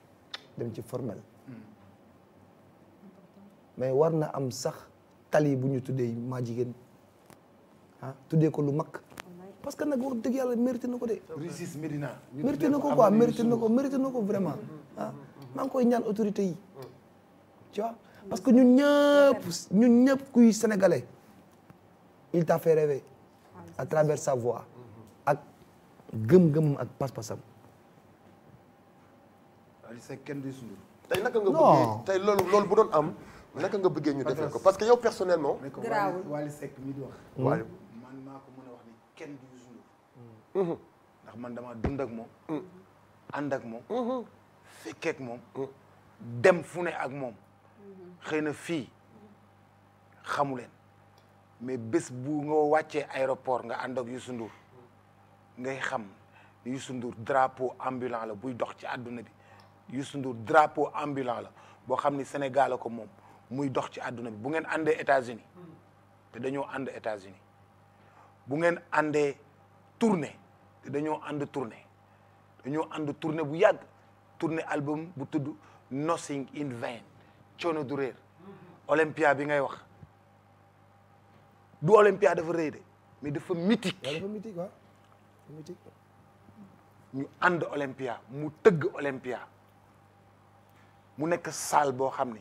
dem ci formel. mais warna am sax tali bu ñu tuddee maa jigéen ah tuddee ko lu mak parce que nak wax deug yalla mérité nako dé de. Medina. mérité nako quoi mérité nako mérité nako vraiment ha ah, maa ngi koy ñaan autorité yi tu vois parce que ñun ñepp ñun ñepp kuy sénégalais il t'a fait rêver à travers sa voix ak gëm gëm ak pass passam Aliou sa kenn di sunu. tay nak nga bëgg tay lolu lolu bu doon am. nak nga bëggee ñu défé ko parce que yow personnellement. garaawul sek mi di wax. Wally man mako mëna wax ni kenn du Youssou hmm ndax man dama dund ak mom and mm-hmm. ak moom. Mm-hmm. fekkee ak moom. Mm-hmm. dem fu ne ak mom xëy na fii xamu mais bés bu nga wàccee aéroport nga and ak Youssou Ndour ngay xam Youssou Ndour drapeau ambulant la buy dox ci aduna bi Youssou Ndour drapeau ambulant la bo xamni ni Sénégal la ko moom. muy dox ci àdduna bi bu ngeen àndee États-Unis te dañoo ànd États-Unis bu ngeen àndee tournée te dañoo ànd tournée dañoo ànd tournée bu yàgg tournée album bu tudd Nothing in Vain coono du réer Olympia bi ngay wax du Olympia dafa rëy de mais dafa mythique dafa ñu ànd Olympia mu tëgg Olympia mu nekk salle boo xam ni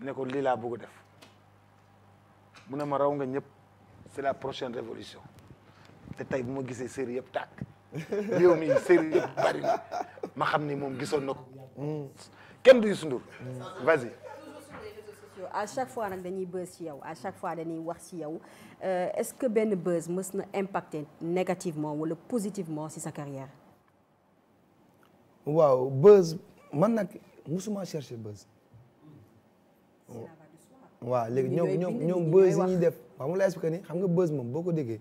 ne c'est la prochaine révolution te aujourd'hui, bu ma série séries. Je série ma vas-y à chaque fois dañuy buzz à chaque fois euh, est-ce que Ben buzz peut na négativement ou positivement sur sa carrière Wow, buzz chercher buzz Oh. waaw léegi ñoom ñoom ñoom buzz def waaw mu la expliqué ni xam nga bës moom boo ko déggee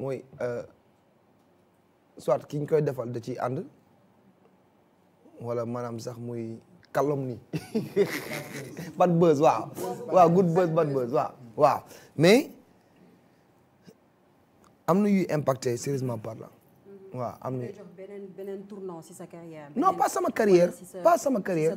mooy euh, soit ki ñu koy defal da ciy ànd wala maanaam sax muy calomnie bad buzz waaw waaw good buzz bad buzz waaw mais am na yuy impacté sérieusement parlant mm-hmm. waaw am na beneen beneen tournant si sa carrière pas sama carrière pas sama carrière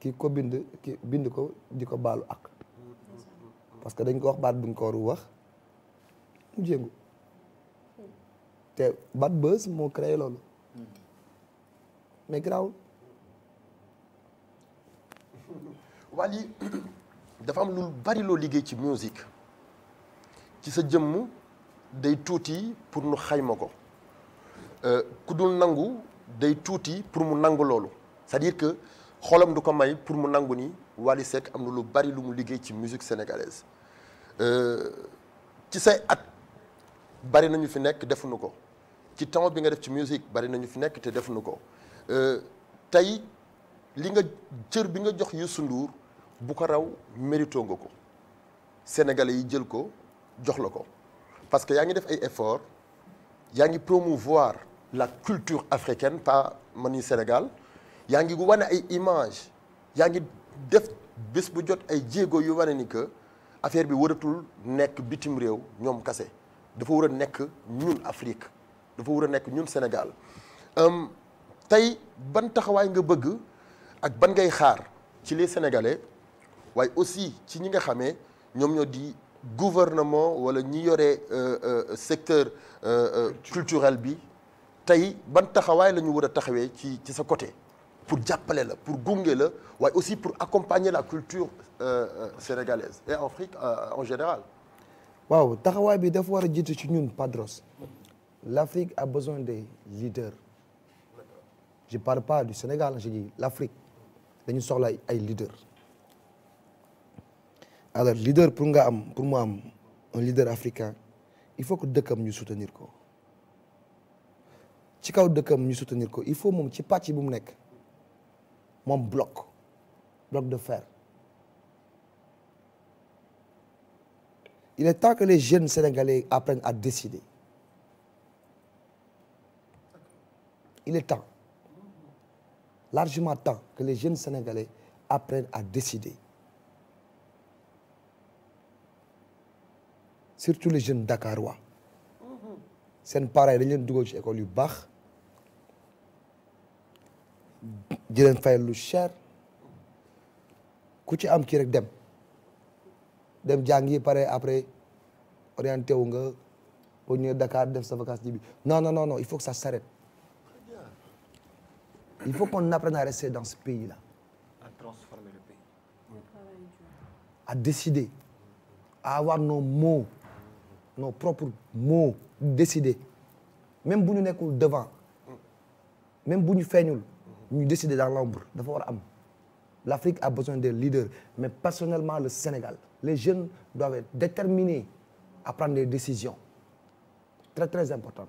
ki ko bind ki bind ko di ko baalu ak parce que dañ ko wax baat buñ ko war wax mu jéngu te bad buzz moo créé loolu mais graw Wally dafa am lu bari loo liggéey ci musique ci sa jëmm day tuuti pour nu xayma ko euh, ku dul nangu day tuuti pour mu nangu loolu cest dire que xolam du may pour mu nangu ni Wally Seck am lu bari lu mu liggéey ci musique sénégalaise euh, ci say at bari nañu fi nek defuñu ko ci temps bi nga def ci musique bari nañu fi nek te defuñu ko euh, tay li nga cër bi nga jox Youssou bu ko raw mérito sénégalais yi jël ko jox la ko parce que yaa def ay efforts promouvoir la culture africaine pas mani Sénégal yangi y a ay image yangi def des bu jot ay djego yu ni que affaire bi nek kase dafa nek Afrique dafa nek Sénégal hum, tay ban taxaway nga bëgg ak ban ngay xaar ci les Sénégalais way aussi ci ñi nga gouvernement ou le euh, euh, secteur euh, culturel bi tay ban taxaway qui ñu côté pour jàppale pour gonger, ouais, aussi pour accompagner la culture euh, euh, sénégalaise et en Afrique euh, en général waaw taxawaay bi dafa dit que ci ñun Padros l'Afrique a besoin des leaders je ne parle pas du Sénégal je dis l'Afrique dañu soxla ay leaders alors leader pour nga pour un leader africain il faut que dëkkam ñu soutenir ko ci soutenir il faut que ci pàcc mon bloc bloc de fer il est temps que les jeunes sénégalais apprennent à décider il est temps largement temps que les jeunes sénégalais apprennent à décider surtout les jeunes dakarois C'est une pareille de école Bach di len fay lu cher ku ci am ki rek dem dem yi paré après orienté wu nga boo ñëwee Dakar def sa vacance bi non non non non il faut que ça s'arrête il faut qu'on apprenne à rester dans ce pays là. à transformer le pays. à décider à avoir nos mots nos propres mots décider même bu ñu nekkul devant même bu ñu feeñul. Nous décider dans l'ombre l'Afrique a besoin de leaders mais personnellement le Sénégal les jeunes doivent être déterminés à prendre des décisions très très importantes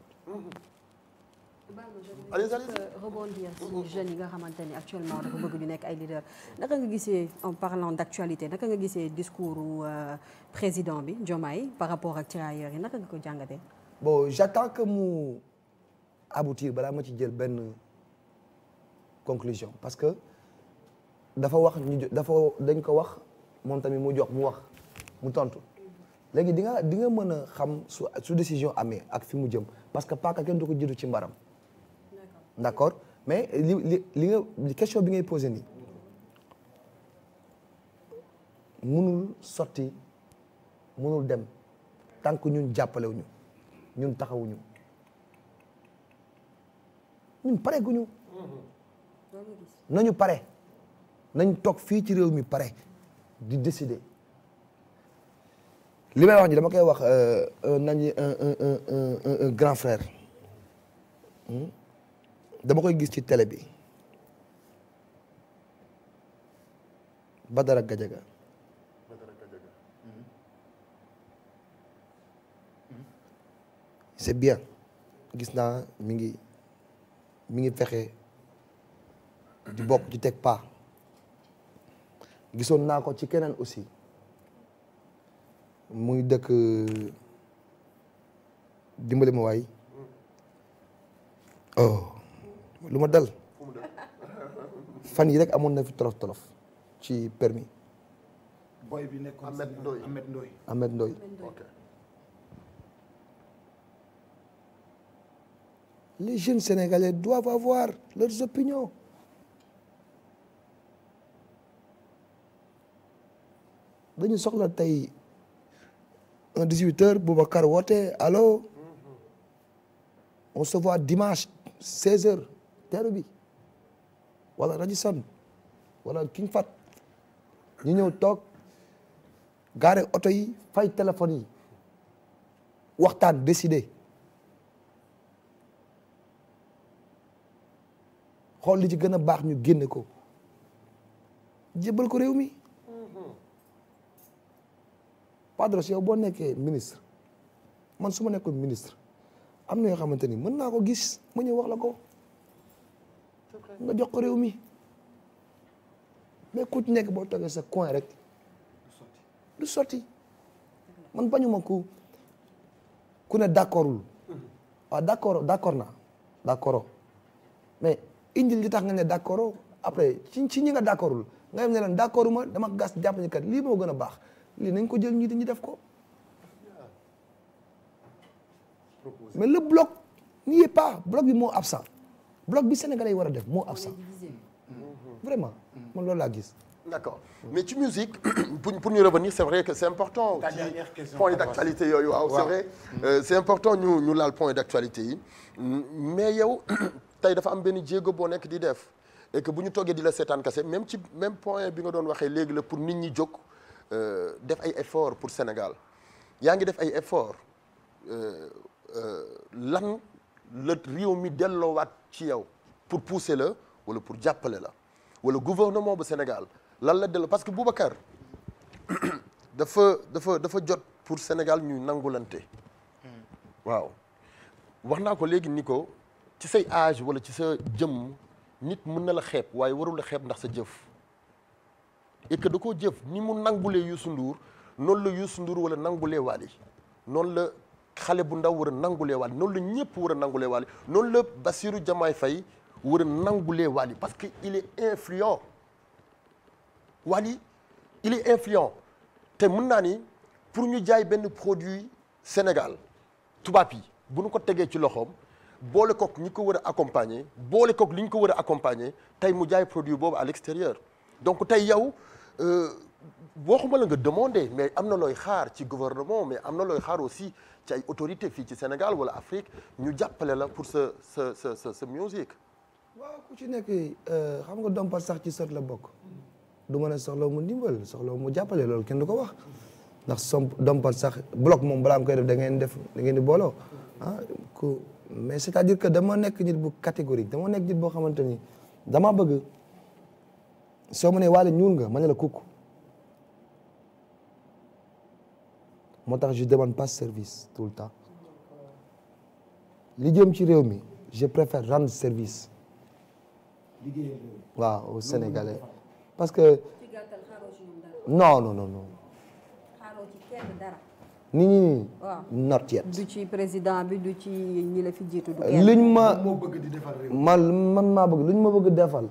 allez allez rebondir les jeunes yi nga xamante actuellement dafa bëgg ñu nekk ay leaders naka nga en parlant d'actualité naka nga gisee discours euh, président bi par rapport à tirailleurs ailleurs. nga ko j'attends que mu aboutir ma ci jël conclusion parce que dafa wax ñu dafa dañ ko wax moom tamit mu jox mu wax mu tontu léegi di nga di nga mën a xam su su décision amee ak fi mu jëm parce que paaka kenn du ko jiitu ci mbaram. d'accord mais li li li nga question bi ngay posé nii munul sotti mënul dem tant que ñun jàppalewuñu ñun taxawuñu ñun pareeguñu. Mm-hmm. nañu não nañ toog fii ci réew mi pare di décider li may wax ni dama koy wax euh, nañu un un un un grand frère hmm? dama koy gis ci télé bi Badara Gajaga hmm? hmm? c'est bien gis na mi ngi mi ngi fexe. Du du tek pas ci aussi oh luma dal fan yi rek avis. na fi ci permis boy bi Ahmed Ahmed Ahmed les jeunes sénégalais doivent avoir leurs opinions dañu soxla tay un 18h Boubacar woté allo on se voit dimanche 16h teeru bi wala Radisson wala King fat ñu ñëw tok gaare auto yi fay téléphone yi waxtaan décidé xol li ci gëna baax ñu génne ko jébbal ko réew mi. Padros yow bo nekké ministre man suma ma ministre am na yoo ni mën na ko gis ma ñëw wax la ko nga jox ko réew mi mais ku nekk bo toogee sa coin rek du sorti man bañuma ku ku ne d'accordul wa ah, d'accord d'accord na d'accordo mais indil li tax nga ne d'accordo après ci ci ñi nga d'accordul nga ñu ne leen d'accorduma dama gas japp ni kat li mo gëna bax li nañ ko jël ñi dañuy def ko mais le bloc n'y est pas bloc bi moo absent bloc bi sénégalais wara def moo absent mhm. vraiment mhm. man loolu laa gis d'accord mais tu musique pour pour nous revenir c'est vrai que c'est important ci point d'actualité yooyu waaw ah, c'est vrai mhm. euh, c'est important nous ñu laal point d'actualité mais yow tey dafa am benn jéego boo nekk di def et que bu ñu toggee di la seetaan kase même ci même point bi nga doon waxee léegi la pour nit ñi jóg euh, def ay effort pour Sénégal Il ngi def un effort euh, euh, lan le ci yow pour pousser le wala pour jàppale la gouvernement du Sénégal parce que Boubacar dafa dafa dafa jot pour Sénégal ñu nangulante hmm. waaw wax ko léegi ci say âge wala ci sa jëm nit mën na la xeeb waaye warul la ndax et que da koo jëf ni mu nangulee Youssou Ndour non le Youssou Ndour wala nangulee Wali non le xale bu ndaw war a nangulee Wally noonu la ñëpp war a nangulee Wally noonu la Bassirou Diomaye Faye war a nangulee parce que il est influent Wali il est influent te mën naa ni pour ñu jaay ben produit Sénégal tubaab yi bu ñu ko tegee ci loxom boole kok ñi ko war accompagner boole kok liñ ko war accompagner tay mu jaay produit boobu à l'extérieur donc tay yow euh, waxuma la nga demandé mais amna loy xaar ci gouvernement mais amna loy xaar aussi ci ay autorités fi ci Sénégal wala Afrique ñu jàppale la pour ce ce ce ce, sa musique waaw ku ci nekk euh xam nga Dompat sax ci sot la bok du mëna ne mu dimbal soxla mu jàppale lool kenn du ko wax ndax som Dompat sax bloc mom balaa nga koy def da ngeen def da ngeen di bolo hein ah, ku mais c'est-à-dire que dama nekk nit bu catégorique dama nekk nit bo xamanteni dama bëgg soo ma nee waale ñuul nga ma ne la kukk moo tax je demande pas service tout le temps li jëm ci réew mi je préfère rendre service waaw au Sénégalais parce que non non non non nit ñi not yet du ci président bi du ci ñi la fi jiitu du liñ ma man man maa bëgg luñ ma bëgg defal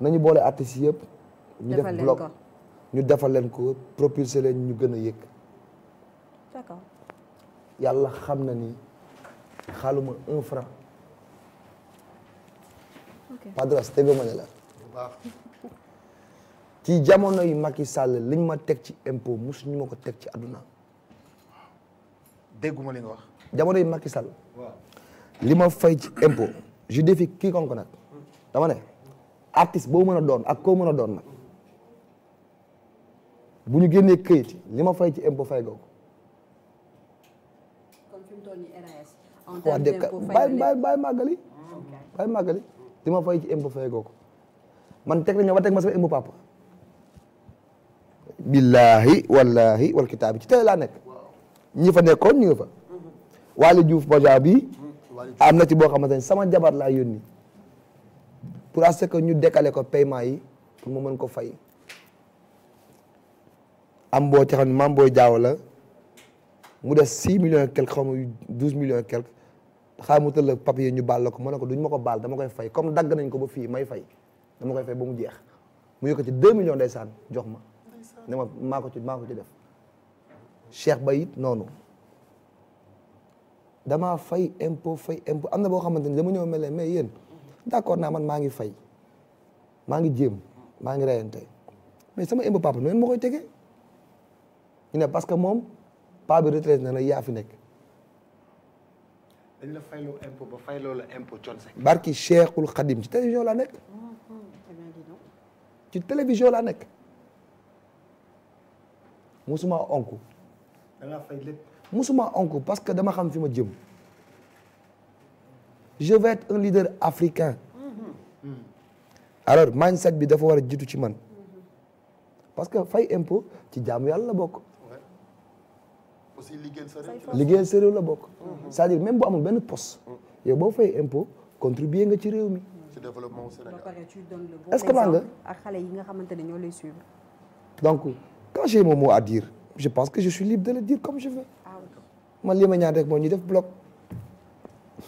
nañu boole artistes yëpp. ñu def ñu defal leen ko propulser leen ñu gën a yëg. d'accord xam na ni xaaluma un franc. ok Padros tegu ma ne la. yi Sall liñ ma teg ci impôt mosuñu ma ko teg ci àdduna. dégguma li wax. jamono yi Macky Sall. waaw li ma fay ci impôt je défie quiconque nag dama artiste boo mën a doon ak koo mën a doon nag bu ñu génnee këyit li ma fay ci impôt fay googu. comme fi mu toll nii RAS. en terme fay ah, ma fay ci impôt fay googu man teg nañu ba teg ma sama impôt papa. billahi wallahi wal ci télé laa nekk. ñi fa nekkoon ñu ngi mhm. bi mhm. am na ti boo xamante ne sama jabar laa yónni. pour que ñu décaler ko paiement pour mu mën ko fay am des 6 millions quelque 12 millions et quelque xaaral papier ñu la ko duñ devons dama koy fay comme dagg nañ ko nous may fay dama koy fay ba mu 2 millions de jox ma. fait ci non ci def. Cheikh fay d'accord naa man maa ngi fay maa ngi jéem maa ngi reyante mais sama ëmb papa noonu ma koy tege ñu ne parce que moom paa bi retraité na nag yaa fi nekk. dañ la fayloo impôt ba fayloo la impôt Thione barki Cheikhul Khadim ci télévision laa nekk. Mm-hmm. ci télévision laa nekk. musuma onku. musuma onku parce que dama xam fi ma jëm. je veux être un leader africain alors mindset bi dafa war a jiitu ci man parce que fay impôt ci jaamu yalla la bokk. aussi liggéeyal sa réew la bokk. Mhm. c'est-à-dire même bu amul ben poste. Mhm. yow bo fay impôt contribuer nga ci rew mi. Mhm. ci développement Sénégal est-ce que tu nga. suivre. donc quand j'ai mon mot à dire je pense que je suis libre de le dire comme je veux. Ah, man li ma ñaan rek moo ñu def bloc.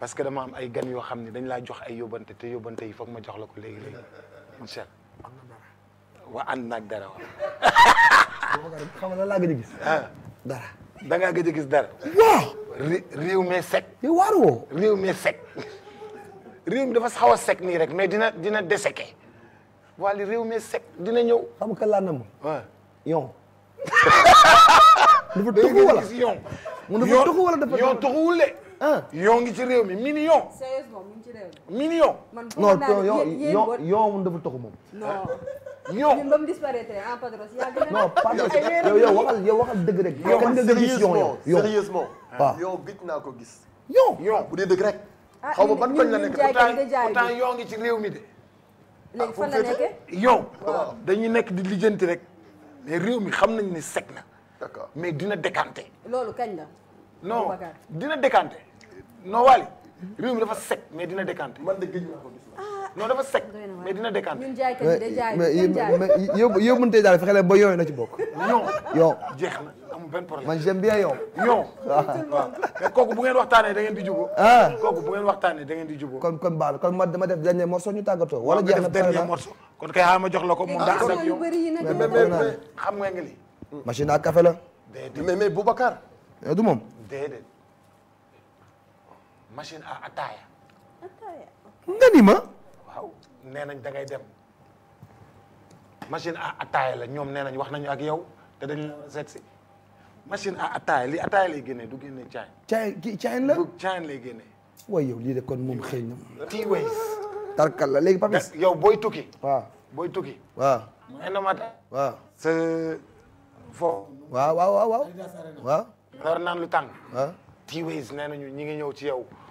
parce que dama am ay gan yo xamni dañ la jox ay yobante te yobante yi foog ma jox la ko legui legui incha wa ànd nak dara wa xam nga la gëj gis. dara da nga gëj gis dara. wa rew me sec. yi war wo rew me sec rew dafa xawa sec ni rek mais dina dina deseke. wali rew me sec dina ñëw. xam nga laa nam. waaw yow. dafa tuxu wala yon mu dafa tuxu wala dafa yon tuxu wala. yoo ngi ci réew mi million. sérieusement mu ngi ci réew mi. million. man non yoo yoo moom dafa toxu moom. non. yoo ñun ba mu disparaître en ah, Padros yaa gën a. yow yow waxal yow ah. ko gis. yoo yoo bu dee dëgg rek. Ah, xaw ma ban koñ la nekk pourtant pourtant yoo ngi ci réew mi de. léegi fan la yow. dañuy nekk di lijjanti rek. mais réew mi xam nañ ne sec na. d'accord mais dina décanté. loolu kañ la. non dina décanté. non Waly réew mi dafa sec mais dina décanté. man de géej maa ko gis ah, dina décanté. ñun jaaykat yi de jaay mais yow yow mënut a daal ba yooyu na ci bokk. non yow jeex na amul benn problème. man j'aime bien yow. yow ah. waaw mais kooku bu ngeen waxtaanee da ngeen di jubóo. ah kooku bu ngeen waxtaanee da di jubóo. kon kon baal kon ma dama def dernier morceau ñu tàggatoo. wala jeex na dernier morceau kon kay xaaral ma jox la ko moom daa ànd ak yow mais xam nga nga lii. machine à café la. déedéet mais mais Boubacar. Eh, moom déedéet. machine à ataaya. ataaya nga ni ma. waaw nee nañ da ngay dem machine à ataaya la ñoom nee nañ wax nañu ak yow te dañ la seet si machine à ataaya li ataaya lay génnee du génne caay. caay gi caay la du caay lay génne. waaye yow lii de kon moom xëy na. T-Ways. tarkal la léegi Papis. yow booy tukki. waaw booy tukki. waaw. nee na ma ta. waaw sa fo. waaw waaw waaw. waaw. war naan lu tàng. waaw T-Ways nee nañu ñi ngi ñëw ci yow.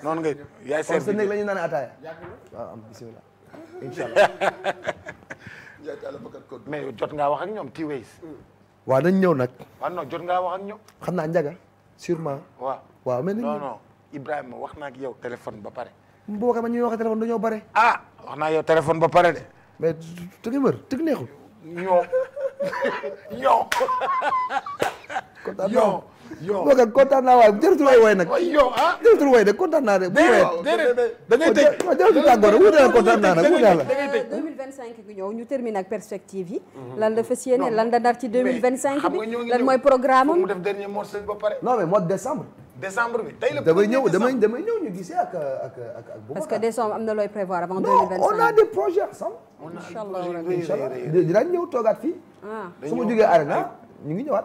noonu ngay yaay seet bi la ñu naan ataaya mais jot nga wax ak ñoom ti ways mm. waaw dañ ñëw nag waaw ah jot nga wax ak ñoom xam naa njaga sûrement waaw waaw mais non non Ibrahima wax naa ak yow téléphone ba pare boo ñuy wax téléphone dañoo bare ah, wax naa yow téléphone ba pare mais tëgg mër ñoo yow boo ko kontaan naa waaye jërëtul way way nag. yow ah jërëtul way de kontaan naa de. déedéet déedéet da ngay tëj waaw jërëtul tàggoo rek euh, mhm. mooy programme am. mu def dernier morceau ba pare. non mais de décembre. ñëw ñu gisee ak ak ak ak. parce que décembre am na looy prévoir avant 2025 non on a des projets ensemble. incha allah incha allah dinañ ñëw toogaat fii. ah su ma jógee ñu ngi ñëwaat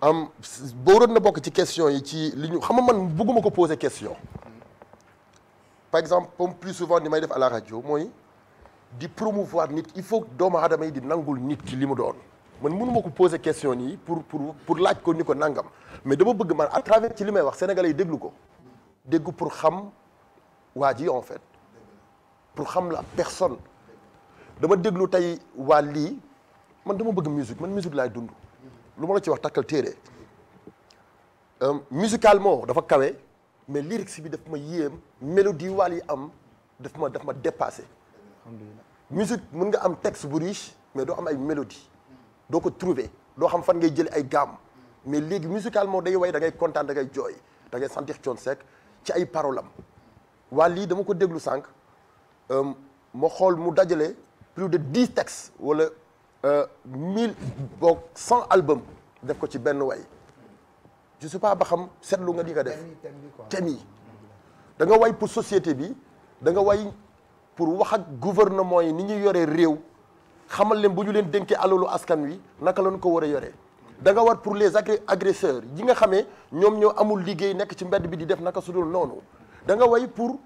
am ne pas questions, ci question yi ci par exemple plus souvent à la radio c'est di promouvoir nit il faut que les gens di nangul nit li mu doon man poser question pour pour pour ni mais à travers les sénégalais yi déglu ko dégg pour xam Wadi, en fait pour la personne dama déglu man musique man musique euh, musicalement dafa kawe mais lyrics bi daf ma mélodie de am daf ma dépassé. musique mën nga am texte riche mais am ay mélodie donc ko trouver do xam fan ngay ay mais musicalement day way da ngay content da sentir la ay paroles ko euh, plus de 10 textes Euh, mille boog cent album def ko ci benn way je sais pas ba xam seetlu nga di ko def thème yi da nga way pour société bi da nga way pour wax ak gouvernement yi ni ñuy yoree réew xamal leen bu ñu leen dénkee alalu askan wi naka lañ ko war a yore da nga war pour les agresseurs yi nga xamee ñoom ñoo amul liggéey nekk ci mbedd bi di def naka su dul noonu da way pour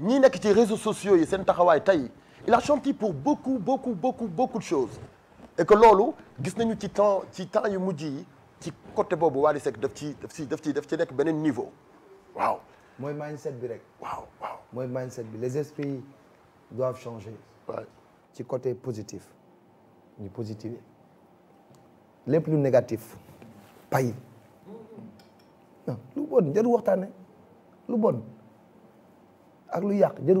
ñi nekk ci réseaux sociaux yi seen taxawaay tey il a chanté pour beaucoup beaucoup beaucoup beaucoup de choses et que Lolo gis nañu ci temps ci temps yu mujj ci côté bobu daf ci daf ci daf ci daf ci nek niveau waaw. mindset bi rek. waaw waaw mindset bi les esprits doivent changer. ci côté positif Ni positif lépp lu négatif Non. lu bon jëru waxtane. lu bon ak lu jëru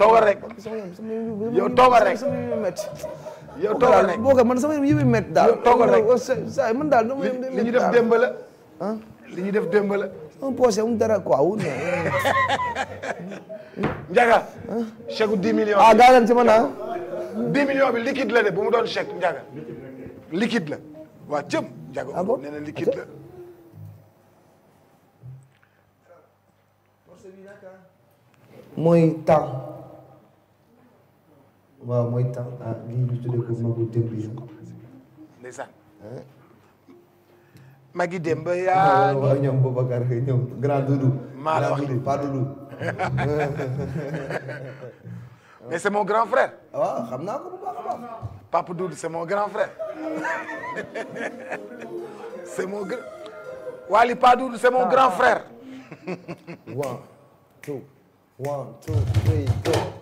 toogal rek yow toogal rek yow toogal rek boo ko man sama yi bi met daal yow toogal rek saa man daal li ñu def démb la ah li ñu def démb la un poche amul dara quoi wu ne Ndiaga chèque dix millions ah gaa leen ci man ah dix millions bi liquide la de bu mu doon chèque Ndiaga liquide la waa cëm Ndiaga nee na liquide la mooy temps C'est pour ça que j'ai de d'aller à la prison. C'est ça? Je vais aller à la prison. C'est pour ça que j'ai choisi d'aller à la Mais c'est mon grand frère. Oui, je le connais. Pape Doudou, c'est mon grand frère. Wali Padoudou, c'est mon ah. grand frère. 1, 2, 1, 2, 3, 4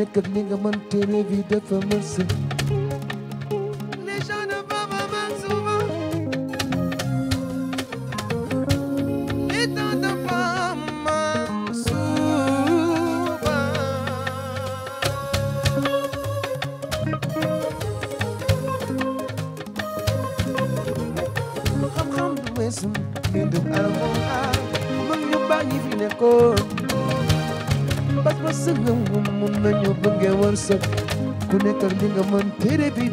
nekk ni nga mën télé bi dafa mën Did it be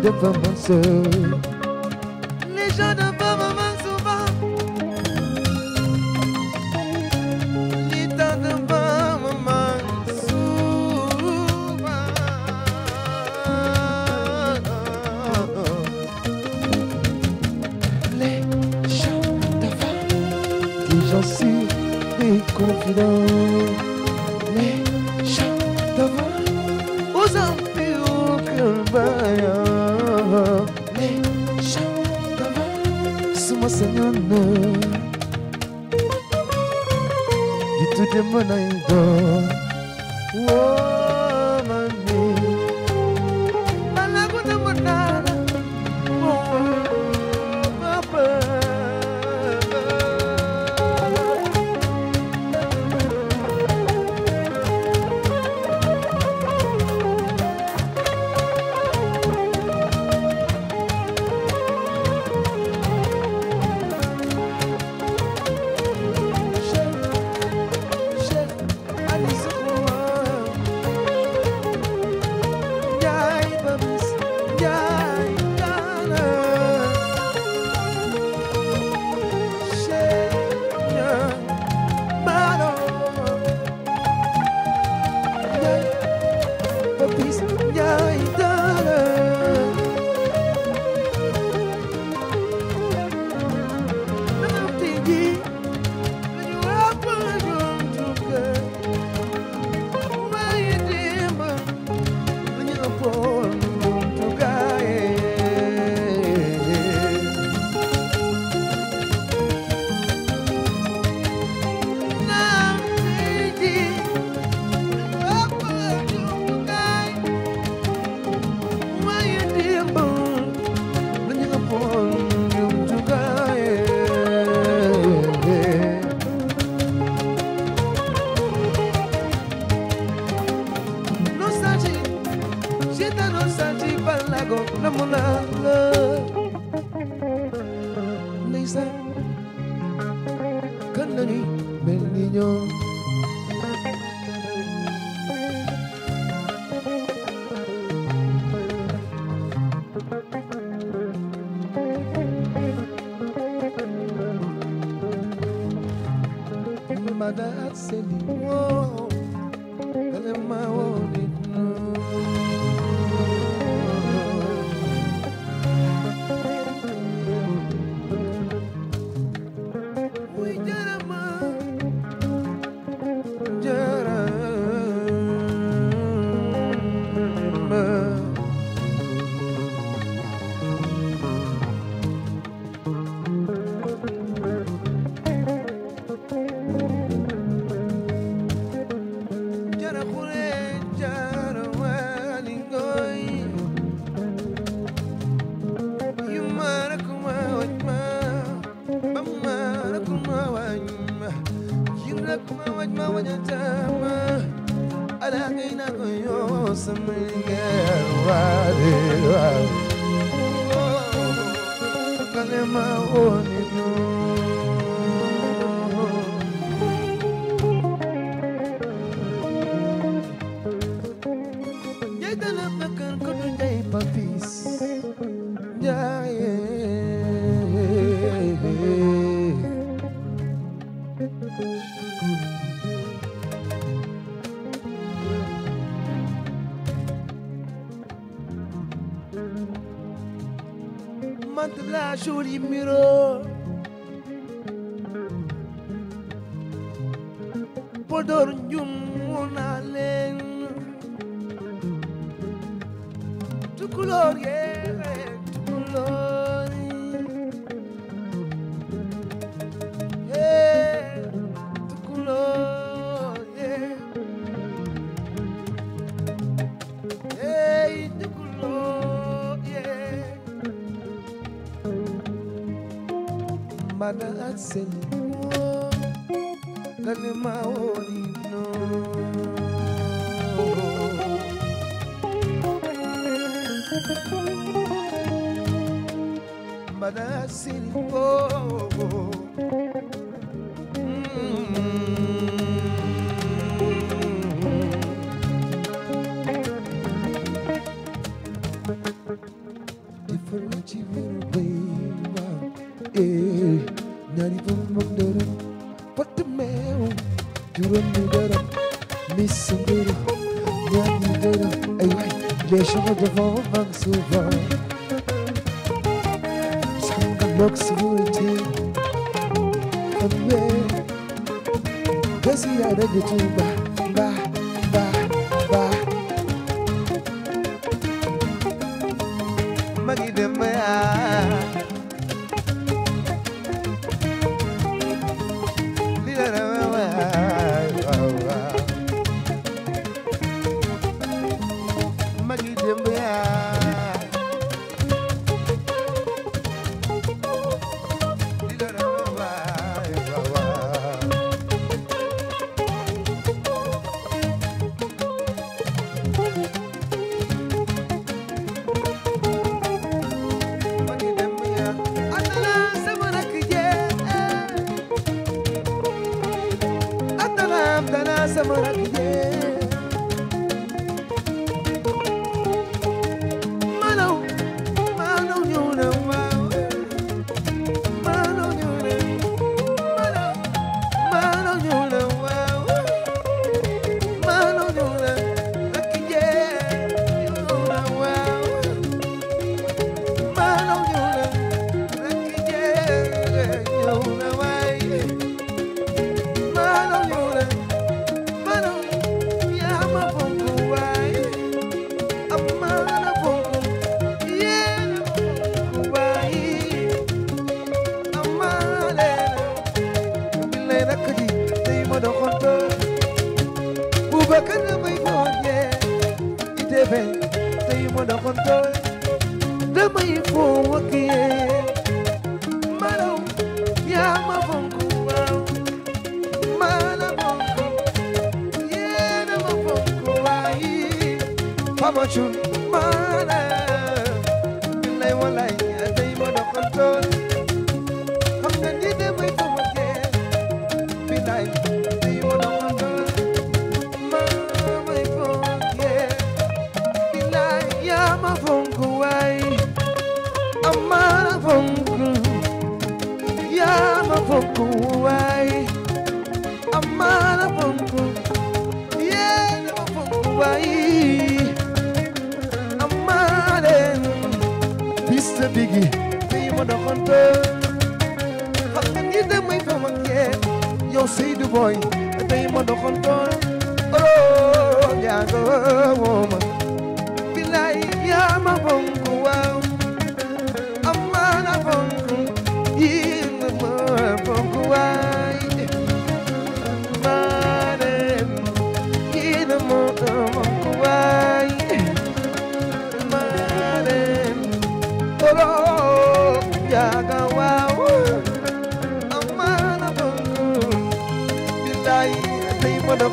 I'm Jehovah, Jehovah, Jehovah,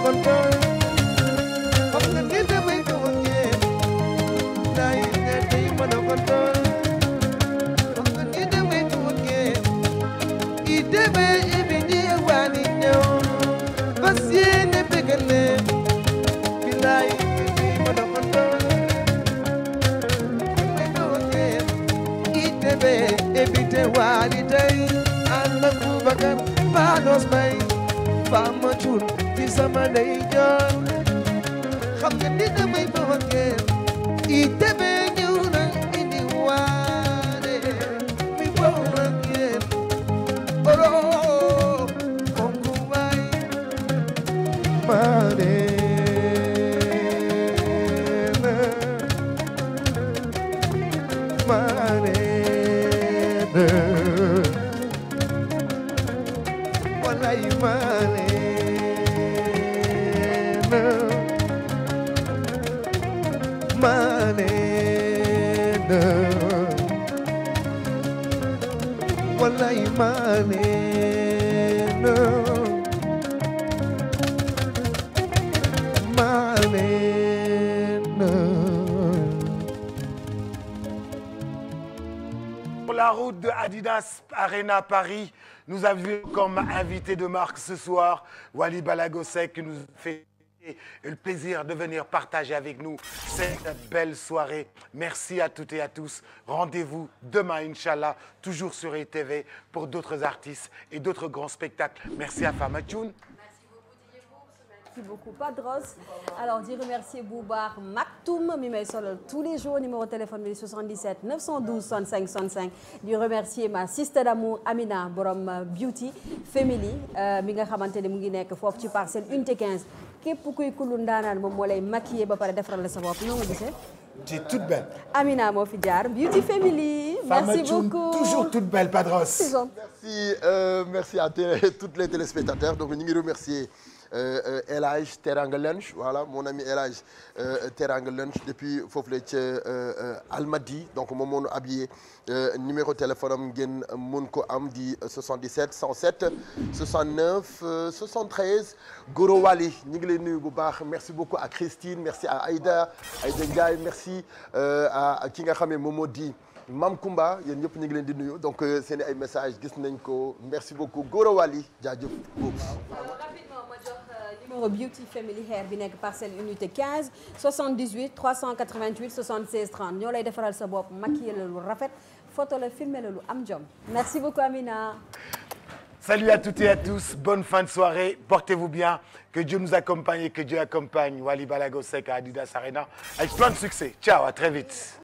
control. sama ndeyjoor xam nga ni damay Pour la route de Adidas Arena Paris, nous avions comme invité de marque ce soir Wali Balagosek qui nous fait et le plaisir de venir partager avec nous cette belle soirée. Merci à toutes et à tous. Rendez-vous demain, Inch'Allah, toujours sur ETV pour d'autres artistes et d'autres grands spectacles. Merci à Famatoun. Merci beaucoup, Padros. Alors, dire remercier Boubar Maktoum, Mimel tous les jours, numéro de téléphone 77 912 65 65. Dire remercier ma sister d'amour, Amina Borom euh, Beauty, Family, euh, Minga Khamante de Munginek, Fof, tu parcelles 1 T15 kepp kuy kullu ndaanaan moom moo lay maquiller ba pare defaral la sa bopp noo ma gisee. tu es toute belle. Amina moo fi jaar Beauty Family. merci beaucoup toujours toute belle Padros. merci euh, merci à toutes les téléspectateurs donc ñu ngi remercier. Elage Teranga voilà mon ami Elage Teranga Lunch depuis Foflet Almadi donc mon moo habillé, numéro téléphone am Amdi 77 107 69 73 Goro Wali merci beaucoup à Christine merci à Aïda Aïda Ndiaye merci à ki nga Momo di. Mam Koumba donc c'est un message merci beaucoup Goro Wali numéro Beauty Family Hair bi nek parcelle unité 15 78 388 76 30 ñolay faire le sa pour maquiller le lu rafet photo le filmer lu am jom. merci beaucoup Amina. Salut à toutes et à tous, bonne fin de soirée, portez-vous bien, que Dieu nous accompagne et que Dieu accompagne Waliba Lagosek, à Adidas Arena avec plein de succès. Ciao, à très vite.